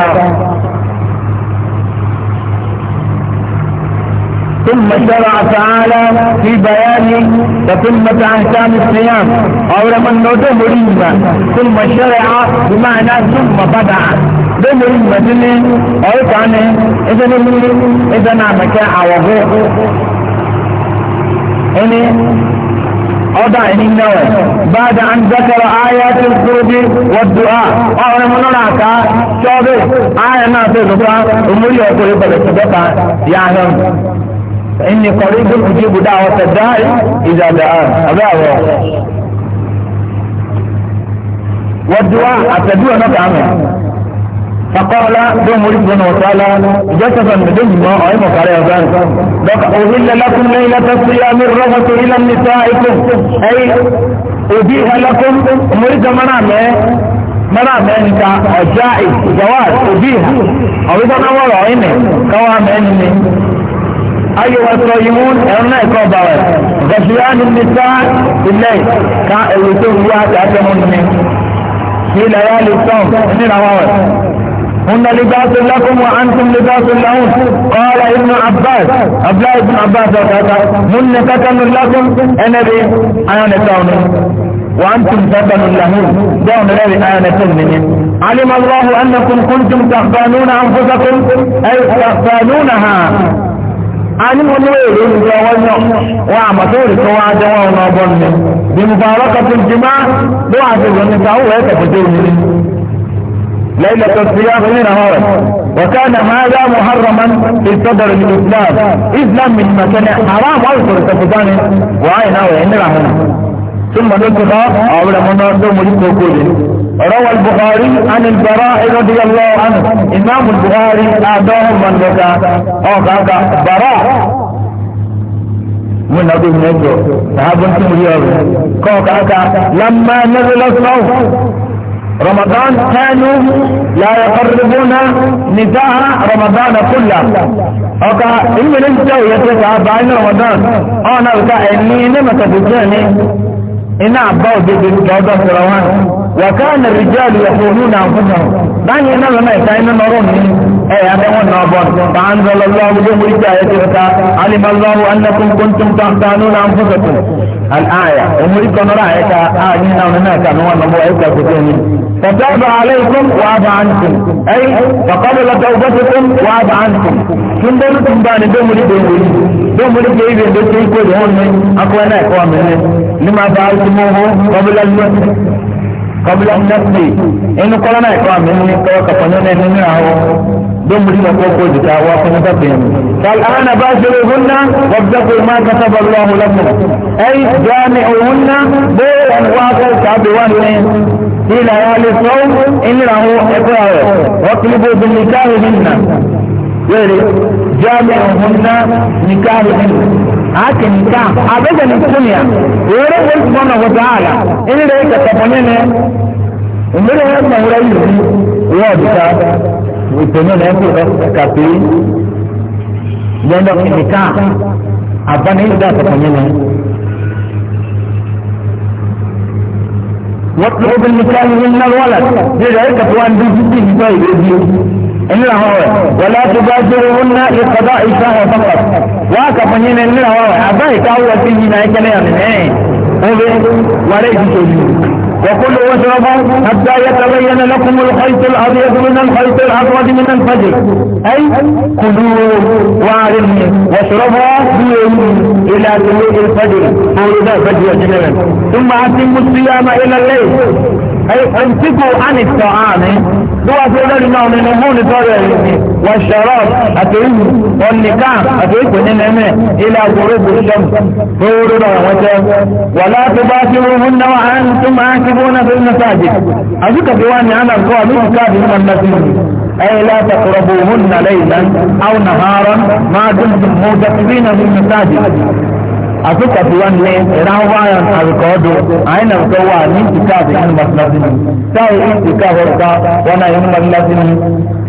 ثم شرع تعالى في بيان تتمة أحكام الصيام أو من نوته مريمة ثم شرع بمعنى ثم بدع ده مريمة أو كان إذا نمي إذا نعمك عوضه إني أضع إني نوى بعد أن ذكر آيات القرب والدعاء أو من نعمك شعبه آية نعمك القرآن أمري أقول بلسبقا يعني فإني قريب أجيب دعوة الداعي إذا دعان أبعوه والدعاء التدعو نفعه فقال دوم ربنا وتعالى جسدا بدون ما أعلمك عليه ذلك لك أهل لكم ليلة الصيام الرفث إلى نسائكم أي أبيها لكم مريد منامه mara mẹ́ta ọjà ìjọwà òbí ọ̀rẹ́dọ́nà wọ̀rọ̀ ẹ̀mẹ̀ káwà mẹ́ni ni أيها الصائمون أرنا إقابة غشيان النساء بالليل الليل كالوصول فيها تأتمون منه في ليالي الصوم من الأوائل هن لباس لكم وأنتم لباس لهم قال ابن عباس أبلا ابن عباس هن سكن لكم أنا بي أنا تاوني وأنتم سكن لهم دون الذي أنا سلمهم علم الله أنكم كنتم تخبانون أنفسكم أي تخبانونها ani mo ní èrè ń jẹ wọn yàn wọn àmọtò òrìkọ wọn adé wọn ọ̀nà ọgbọ́n mi bímọ ọlọ́kọ̀tún jimá ló wà sí ìlú nípa òwò ẹ̀ tẹ̀kọ̀tẹ̀ òmìnir ليلة الصيام من نهار وكان هذا محرما في صدر الإسلام إسلام من مكان حرام أذكر تفضاني وعين أو عين رحمه ثم نتقى أولا منا ثم نتقى روى البخاري عن البراء رضي الله عنه امام البخاري اعداهم من بكى او كاكا براء من ابي نجو صحاب سمريور كو كاكا لما نزل الصوف رمضان كانوا لا يقربون نزاع رمضان كله اوكا ان من انت يتسعى بعين رمضان انا اوكا اني نمت بجاني انا عباو دي بجوزة سروان وكان الرجال يقولون أنفسهم بان ينال ما يكاين نروني أي أبيون نابون فأنزل الله جمهورك آياتك علم الله أنكم كنتم تحتانون أنفسكم الآية أمريكا نرأيك آياتنا ونناك نوان نبوعيك كتيني فتاب عليكم وعب عنكم أي فقبل توبتكم وعب عنكم كنتم بان جمهوري جمهوري جمهوري جيبين بسيكو دهون من أقوانا إخوان منه لما فعلتموه قبل المسجد kabila nnafe inu kɔla na ɛkɔ ami ni kɔ kakɔnyɔ na ɛni nira hɔ domuli na koko jika wa kɔnyɔ ta bɛn kal ana ba se hunna wa bisa ko ma kasa ba lɔ hula mu ayi jaami o hunna bɛ wani wa kɛ ka bi wani ne ila ya le sɔn ɛni na hɔ ɛkɔ yɛ wa kilibo bi ni ka hunna wẹ́rẹ́ jáde ọ̀hún náà nìkan rẹ̀ ake nìkan abẹ́jẹ̀ ní kúnìyà wẹ́rẹ́ wọ́n ti bọ́ náà wọ́tá àlà ẹni rẹ̀ kẹ̀kẹ́ pọ̀ nínú ìmúlẹ̀ yẹn mọ̀ wúrẹ́ yìí rí wọ́n ọ̀dùká ìpinnu náà kú kàpé yọ̀ndọ̀ nìkan abáni ìdá àtọ̀kọ̀ nínú. wọ́n ti lóbi nìkan yìí ní náà wọ́lá bí rẹ̀ kẹ̀kẹ́ wá ń إلا هو ولا تبادرهن لقضاء الشهر فقط وأكفن ين إلا هو أباي كأول فيه نايك ليان وليس تجيب وكلوا واشربوا حتى يتبين لكم الخيط الابيض من الخيط الاسود من الفجر اي كلوا واعلموا واشربوا الى طلوع الفجر فوجد الفجر جنبا ثم اتموا الصيام الى الليل فامسكوا عن الطعام دوا سيدنا نو نعم، نمون توري والشراب أتريد إلى غروب الشمس ولا تباشروهن وأنتم في المساجد أنا القوى من كافي من المسجد أي لا تقربوهن ليلا أو نهارا ما دمتم مدخلين في المساجد Africa ti wọn lé ìran wáyàn àrùkọ́dù àyìn àrùkọ́ wà ní ìtìká àti inú masilasi ni táyì ìtìká àrùkọ́ wọn náà inú masilasi ni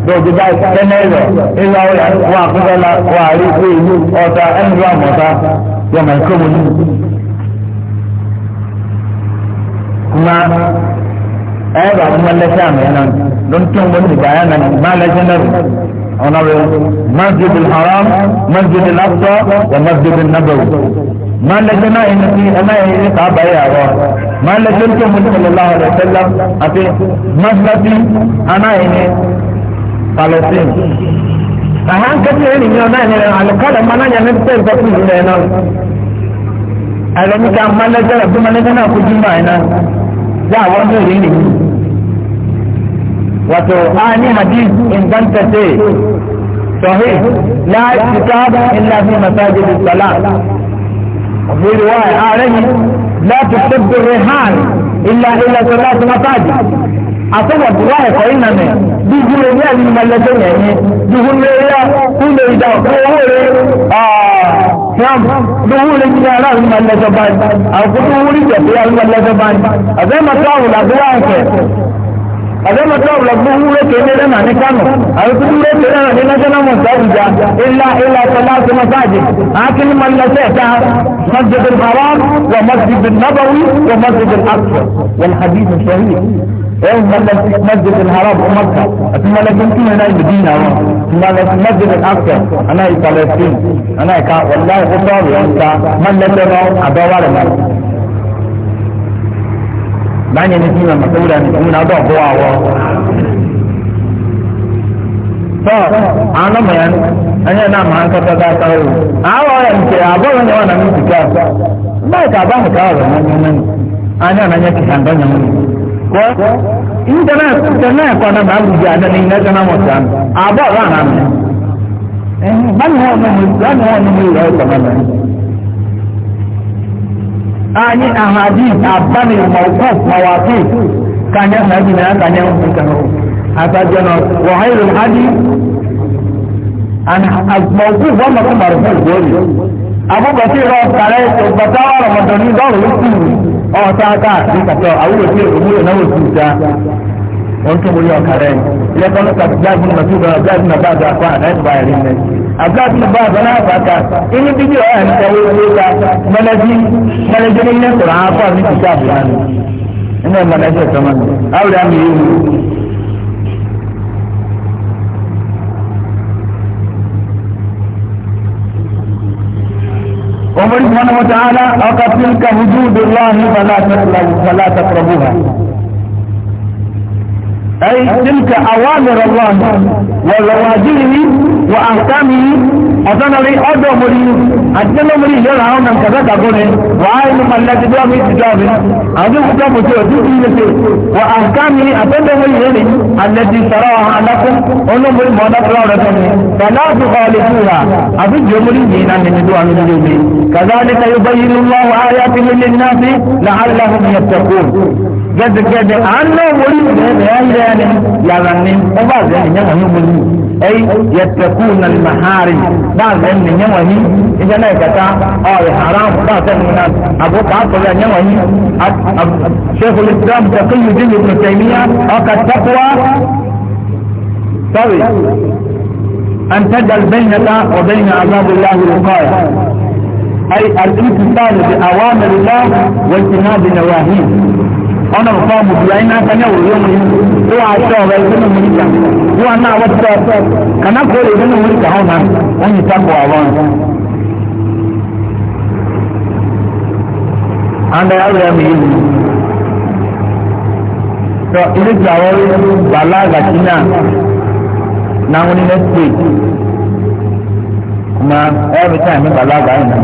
lóòjú báyìí tẹ́lẹ̀rẹ̀ ìlú àwòrán wà àkúndọ́lá wà àrí ìpé ìlú ọ̀tá ẹnu wà mọ̀tá yọmọ ẹ̀kọ́ mu ní. Kuma ẹ̀ bá wọn lẹ́sẹ̀ àmì ẹ̀ náà ló ń tún wọn nígbà yẹn náà má lẹ́sẹ̀ náà ọ̀nà rẹ̀ masjid al-haram masjid al-aqsa wa masjid al-nabawi. ما لجنا إني أنا إني كعبة يا رب ما لجنت من صلى الله عليه وسلم أتي مسلتي أنا إني فلسطين أهم كثير إني أنا إني على كلام أنا يعني بتر بقول إني أنا ألم كان ما لجنا بما لجنا كذي ما أنا يا وانو إني وتو أني حديث إن كنت تي صحيح لا كتاب إلا في مساجد الصلاة وفي رواية عليه لا تسب الرهان إلا إلا ثلاث مساجد أصبح رواية قرينة من bí ìdílé ní àyè ìmọ̀lẹ́sẹ̀ yẹn ni ìdílé yá kúlẹ̀ ìdá owó rẹ̀ trump lówó rẹ̀ ní ara ìmọ̀lẹ́sẹ̀ báyìí àwọn kókó owó rí jẹ̀ pé ìmọ̀lẹ́sẹ̀ báyìí àbẹ́ àwòrán àbúrò àǹkẹ́ هذا مطلب لبوه كيميرا معنى كانوا أو تقول كيميرا معنى نجنا مستوجا إلا إلا ثلاث مساجد لكن من لسيتا مسجد الحرام ومسجد النبوي ومسجد الأقصى والحديث الشهير يوم مسجد الحرام ومكة ثم لكن هنا المدينة ثم لكن مسجد الأقصى أنا فلسطين أنا والله خطاب يوم من لسيتا أبوالنا báyìí ni sinimá màsúwúrà ní sinimá ọdọ ọgbọ àwọ. tọ́ àwọn ọmọ yẹn ẹni náà máa ń kọ́tọ́ bá sáré o. àwọn ọ̀rẹ́ mi ṣe àbọ̀rọ̀ ni wọ́n nà mí ti ká. báyìí ká bá nǹkan ọ̀rọ̀ náà ní mẹ́rin. àwọn náà náà yẹ kí sàǹdọ̀ yẹn mú kọ́ internet internet kọ́ náà máa ń gbìyànjú àdáni national mosque àbọ̀rọ̀ àná mi. báyìí wọ́n mú mi ìrọ̀ ọ̀sán náà ani ahadi abami mawuku mawafi kanya sabi na kanya mukano asaje no wa hayrul hadi an mawuku wa makum marfu gori abu basira kare to batawa ramadani dawru yusi o ta ka ni ka to awu ti mu na wo tuta on to mu yo kare le kono ka jabu na tuba jabu na bada kwa na ba yarin ne abdullahi bin abbas wani afaka in yi bidiyo a yanzu kare wani ka manaji manajin ne kura afa miki sha fulani ina manaji ta mani aure mu yi ومن سبحانه وتعالى أقتلك حدود الله فلا تقربوها أي تلك أوامر الله وزواجره وأحكامه أتنا لي أدو مري أتنا مري يلا هون أن كذا تقولي وعائل من الذي دوا في كتابه أدو كتابه تؤدي إليه وأحكامه أتنا مري يلي الذي سراها لكم أنه مري مدد رأيكم فلا تخالفوها أدو جمري جينا من دوا من جمري كذلك يبين الله آياته للناس لعلهم يتقون جد جد أنه مري يلي ni yàrá ni ẹ bá zẹ nìyẹn wọ̀nyí mu ni ẹyí yẹtẹkù na mahari bá zẹ nìyẹn wọ̀nyí ìjẹ náà kẹta ọ yẹ haram bá zẹ nìyẹn náà àbò pàápàá yẹn wọ̀nyí sefulu islam tẹkí yìí dín ìpè tẹmíyà ọkà tẹkùwá sọrí àǹtẹ̀dàl bẹ́yìn náà ọ̀bẹ́yìn aláàbòláhùn kọ́ọ̀yà. أي الامتثال بأوامر الله واجتناب نواهيه ọ̀nà nǹkan ọ̀bùdùyà iná kanyà òwúrọ̀ mu tó wà aṣọ ọ̀rẹ́ ìdúnnù mu níjà tó wà náà wọ́n tẹ̀ kàná kó lè ìdúnnù mu níjà hàn náà wọ́n yìí tako àwọn. Anda ya wúlò ẹ̀mí yìí. Sọ ilé tí àwọn bàálà àgàtì náà náà wọ́n ní next week. Kùmà every time bàálà àgàtì náà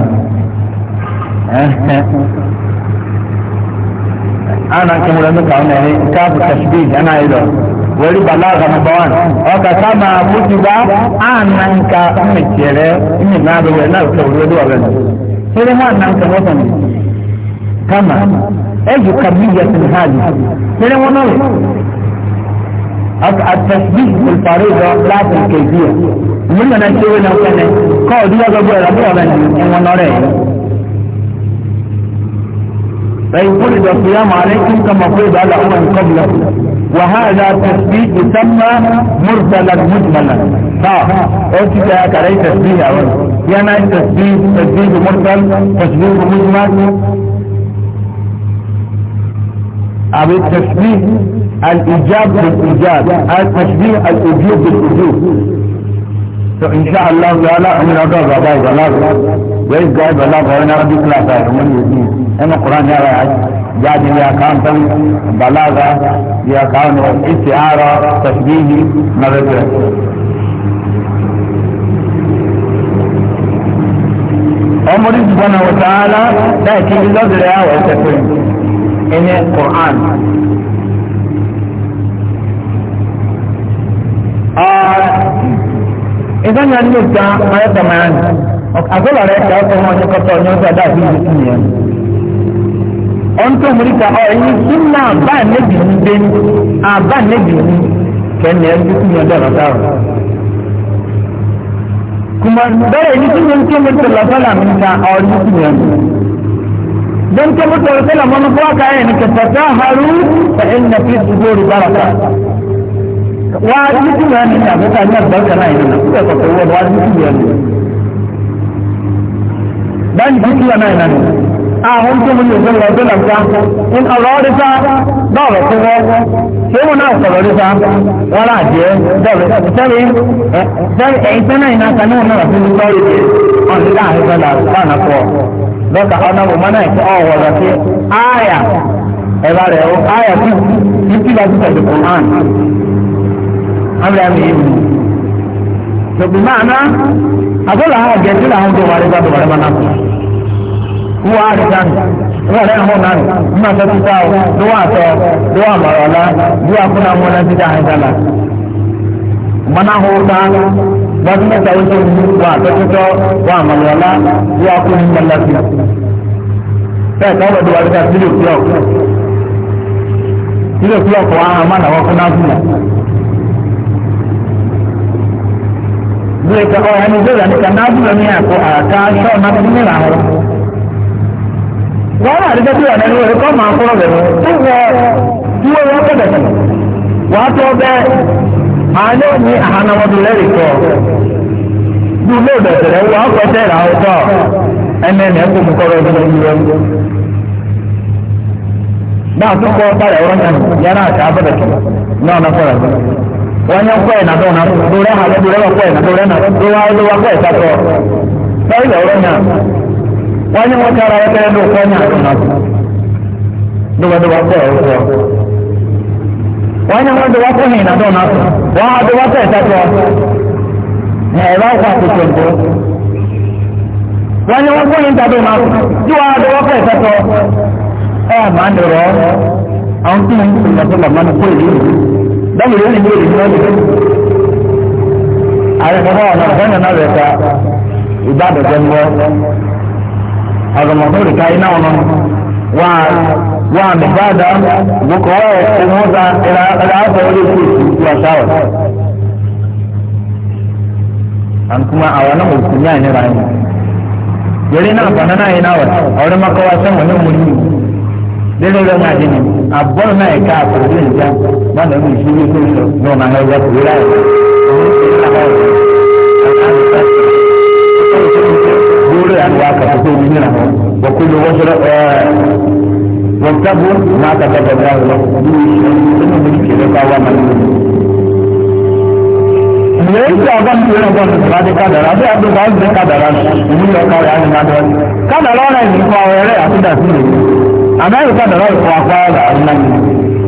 ana ke mu ramu kawo ne kafu tashbih ana ido wari balaga na bawan oka kama mutiba ana nka mmekere ime na do we na ko ro do wa ne sele mo ana nka mo tan kama ayu kamiyat al hali sele mo no التشبيه بالفريضة لا في الكيفية. من أنا أشتغل لو كان قاعد يا جماعة ربنا من ونراه فإن فرض الصيام عليكم كما فرض على أمم قبلكم وهذا تثبيت يسمى مرسلا مجملا ها آه، قلت يا كاري تثبيت أول يعني تثبيت تثبيت مرسل تثبيت مجمل أو التشبيه الإيجاب بالإيجاب التشبيه الوجوب بالوجوب فإن شاء الله تعالى من أدرى بلاغ بلاغ وإذ قال بلاغ وإن أردت لا تعلمون يدين ẹnu kuran yàrá jáde bí akáǹtàn balaga bí akáǹtàn ìsì àárọ̀ tẹ̀síbíyì nàrẹ́tẹ̀. ọmọdé subhanahu wa ta'ala láì kí ní lọ́dẹ̀rẹ̀ àwọ̀ ẹ̀sẹ̀ pé ẹni kuran. ìdáni àdúgbò ta ayẹ́tọ̀ mẹ́rin àgọ́lọ̀ rẹ̀ kẹ́ ọ́ tó wọn ọjọ́ kọ́tọ̀ ọjọ́ tó adá àbí ìdíkùn ọ̀ntọ́ mọ̀ríkà ọ̀yìn súnmọ́ àbá nẹ́bì ń dé àbá nẹ́bì ń kẹ́ni ẹ̀dí kú yọ̀dá bàtà rẹ̀. kùmọ̀ bẹ́ẹ̀ ní kí ni ń kéwòn tó lọ sọ́là mi ta ọ̀rí kú yẹn. don kéwò tó lọ sọ́là mọ́nú fún ọkà ẹ̀ ní kẹfẹ́tà haru ẹ̀ ń fi ṣubú rí bàràkà. wá ní kí yẹn أهم من يزن رجل أمسا إن أرادسا دولة سنة شو ناس أرادسا ولا جي دولة سنة سنة إيسانا إنا كانوا نرسل الطريق أن الله فلا كان قوة ذلك أنا ممنع أو وذلك آية إذا رأوا آية يمكن أن تكون القرآن أمر أمين فبمعنى أقول لها جيت لها أنت وارد وارد وارد wọ́n á rí dánù wọ́n rẹ̀ hàn náà nígbà tó ti dáa lówó àtọ lówó àmọ̀rọ̀ ọ̀la bí akúnà wọn náà ti dá àyè dánà. mọ́nà hó ta lọ́dún mẹ́ta ó tó ní wọ́n àtọ́tútọ́ wọ́n àmọ̀rọ̀ ọ̀la bí akúnà wọn náà ti. bẹ́ẹ̀ tó lọ́dún wa lọ́dún sílẹ̀ òkúlọ̀ sílẹ̀ òkúlọ̀ kọ́ àwọn àmọ́ wọ́n fún Bí ẹ̀ka ọ̀hún ni kànáà bí wọ́n ní wàhálà àdìgbà tí wà nínú rẹ kọ́ máa kọ́rọ̀ rẹ tó wọ dúró wọn kọ́ bẹ̀rẹ̀ wà á tọ́ bẹ́ẹ̀ àánú ní àhánáwọ́dún lẹ́rìí kọ́ dúró bẹ̀rẹ̀ wà á kọ́ sẹ́yìn àwùjọ ẹnẹ ní ẹkọ mu kọ́rọ̀ ọdún ọdún rẹ. náà tó kọ́ báyà wọ́n yàn yàrá àti abẹ́rẹ́ tó náà náà kọ́ra rẹ wọ́n yàn kọ́ ẹ̀ nà dọ́nà nà dúró wọ́n ní wọ́n ti ara wọn tẹ́lẹ̀ ní òkú ọ̀nà àtúnà dọ́gbàdọ́gbà tẹ̀ ọ̀rọ̀ wọn. wọ́n ní wọ́n dọ́gbà fún ìrìnàjò náà wọ́n á dọ́gbà tẹ̀ ìtàkùn ọ̀ ẹ̀rọ ọkọ̀ àtúntò ń bọ̀. wọ́n ní wọ́n fún ìrìnàjò náà tí wọ́n á dọ́gbà tẹ̀ ìtàkùn ọ̀ ẹ̀ máa ń dọ̀rọ̀ àwọn tí wọ́n ń sọ̀rọ̀ sọ̀rọ̀ máa ń kó bẹ́ẹ̀ ni wọ́n ní ìlú ìlú azɔmɔtɔri ka ina wɔn wa wa mibada bukɔ ɛmɔza ɛra ɛra afɔ wɛrɛ fi wa sawa an kuma awa na mutu nya ne ra ni yɛrɛ na bana na ina wa ɔrɛ ma kɔ wa sɛ wɔn ne mu ni lele lɛ na dini abɔl na yɛ ka afɔ wɛrɛ nja ba na mu isi wuli ko sɔ n'o na hɛ wɛ wɛrɛ ayɛ. الواقع تكون منه وكل وجر وكتبوا ما كتب الله لكم من ملك لك ومن lẹ́yìn ọgbọ́n tí ó gbọ́n tó láti kádàrá bí àdúgbò ọ̀sẹ̀ kádàrá ìlú ọkọ̀ rẹ̀ àti nàdọ́ kádàrá ọ̀rẹ́ ìdíkọ̀ ọ̀rẹ́ àti dàtí rẹ̀ àdáyé kádàrá ìfọ̀ àpá ọ̀rẹ́ àti nàdọ́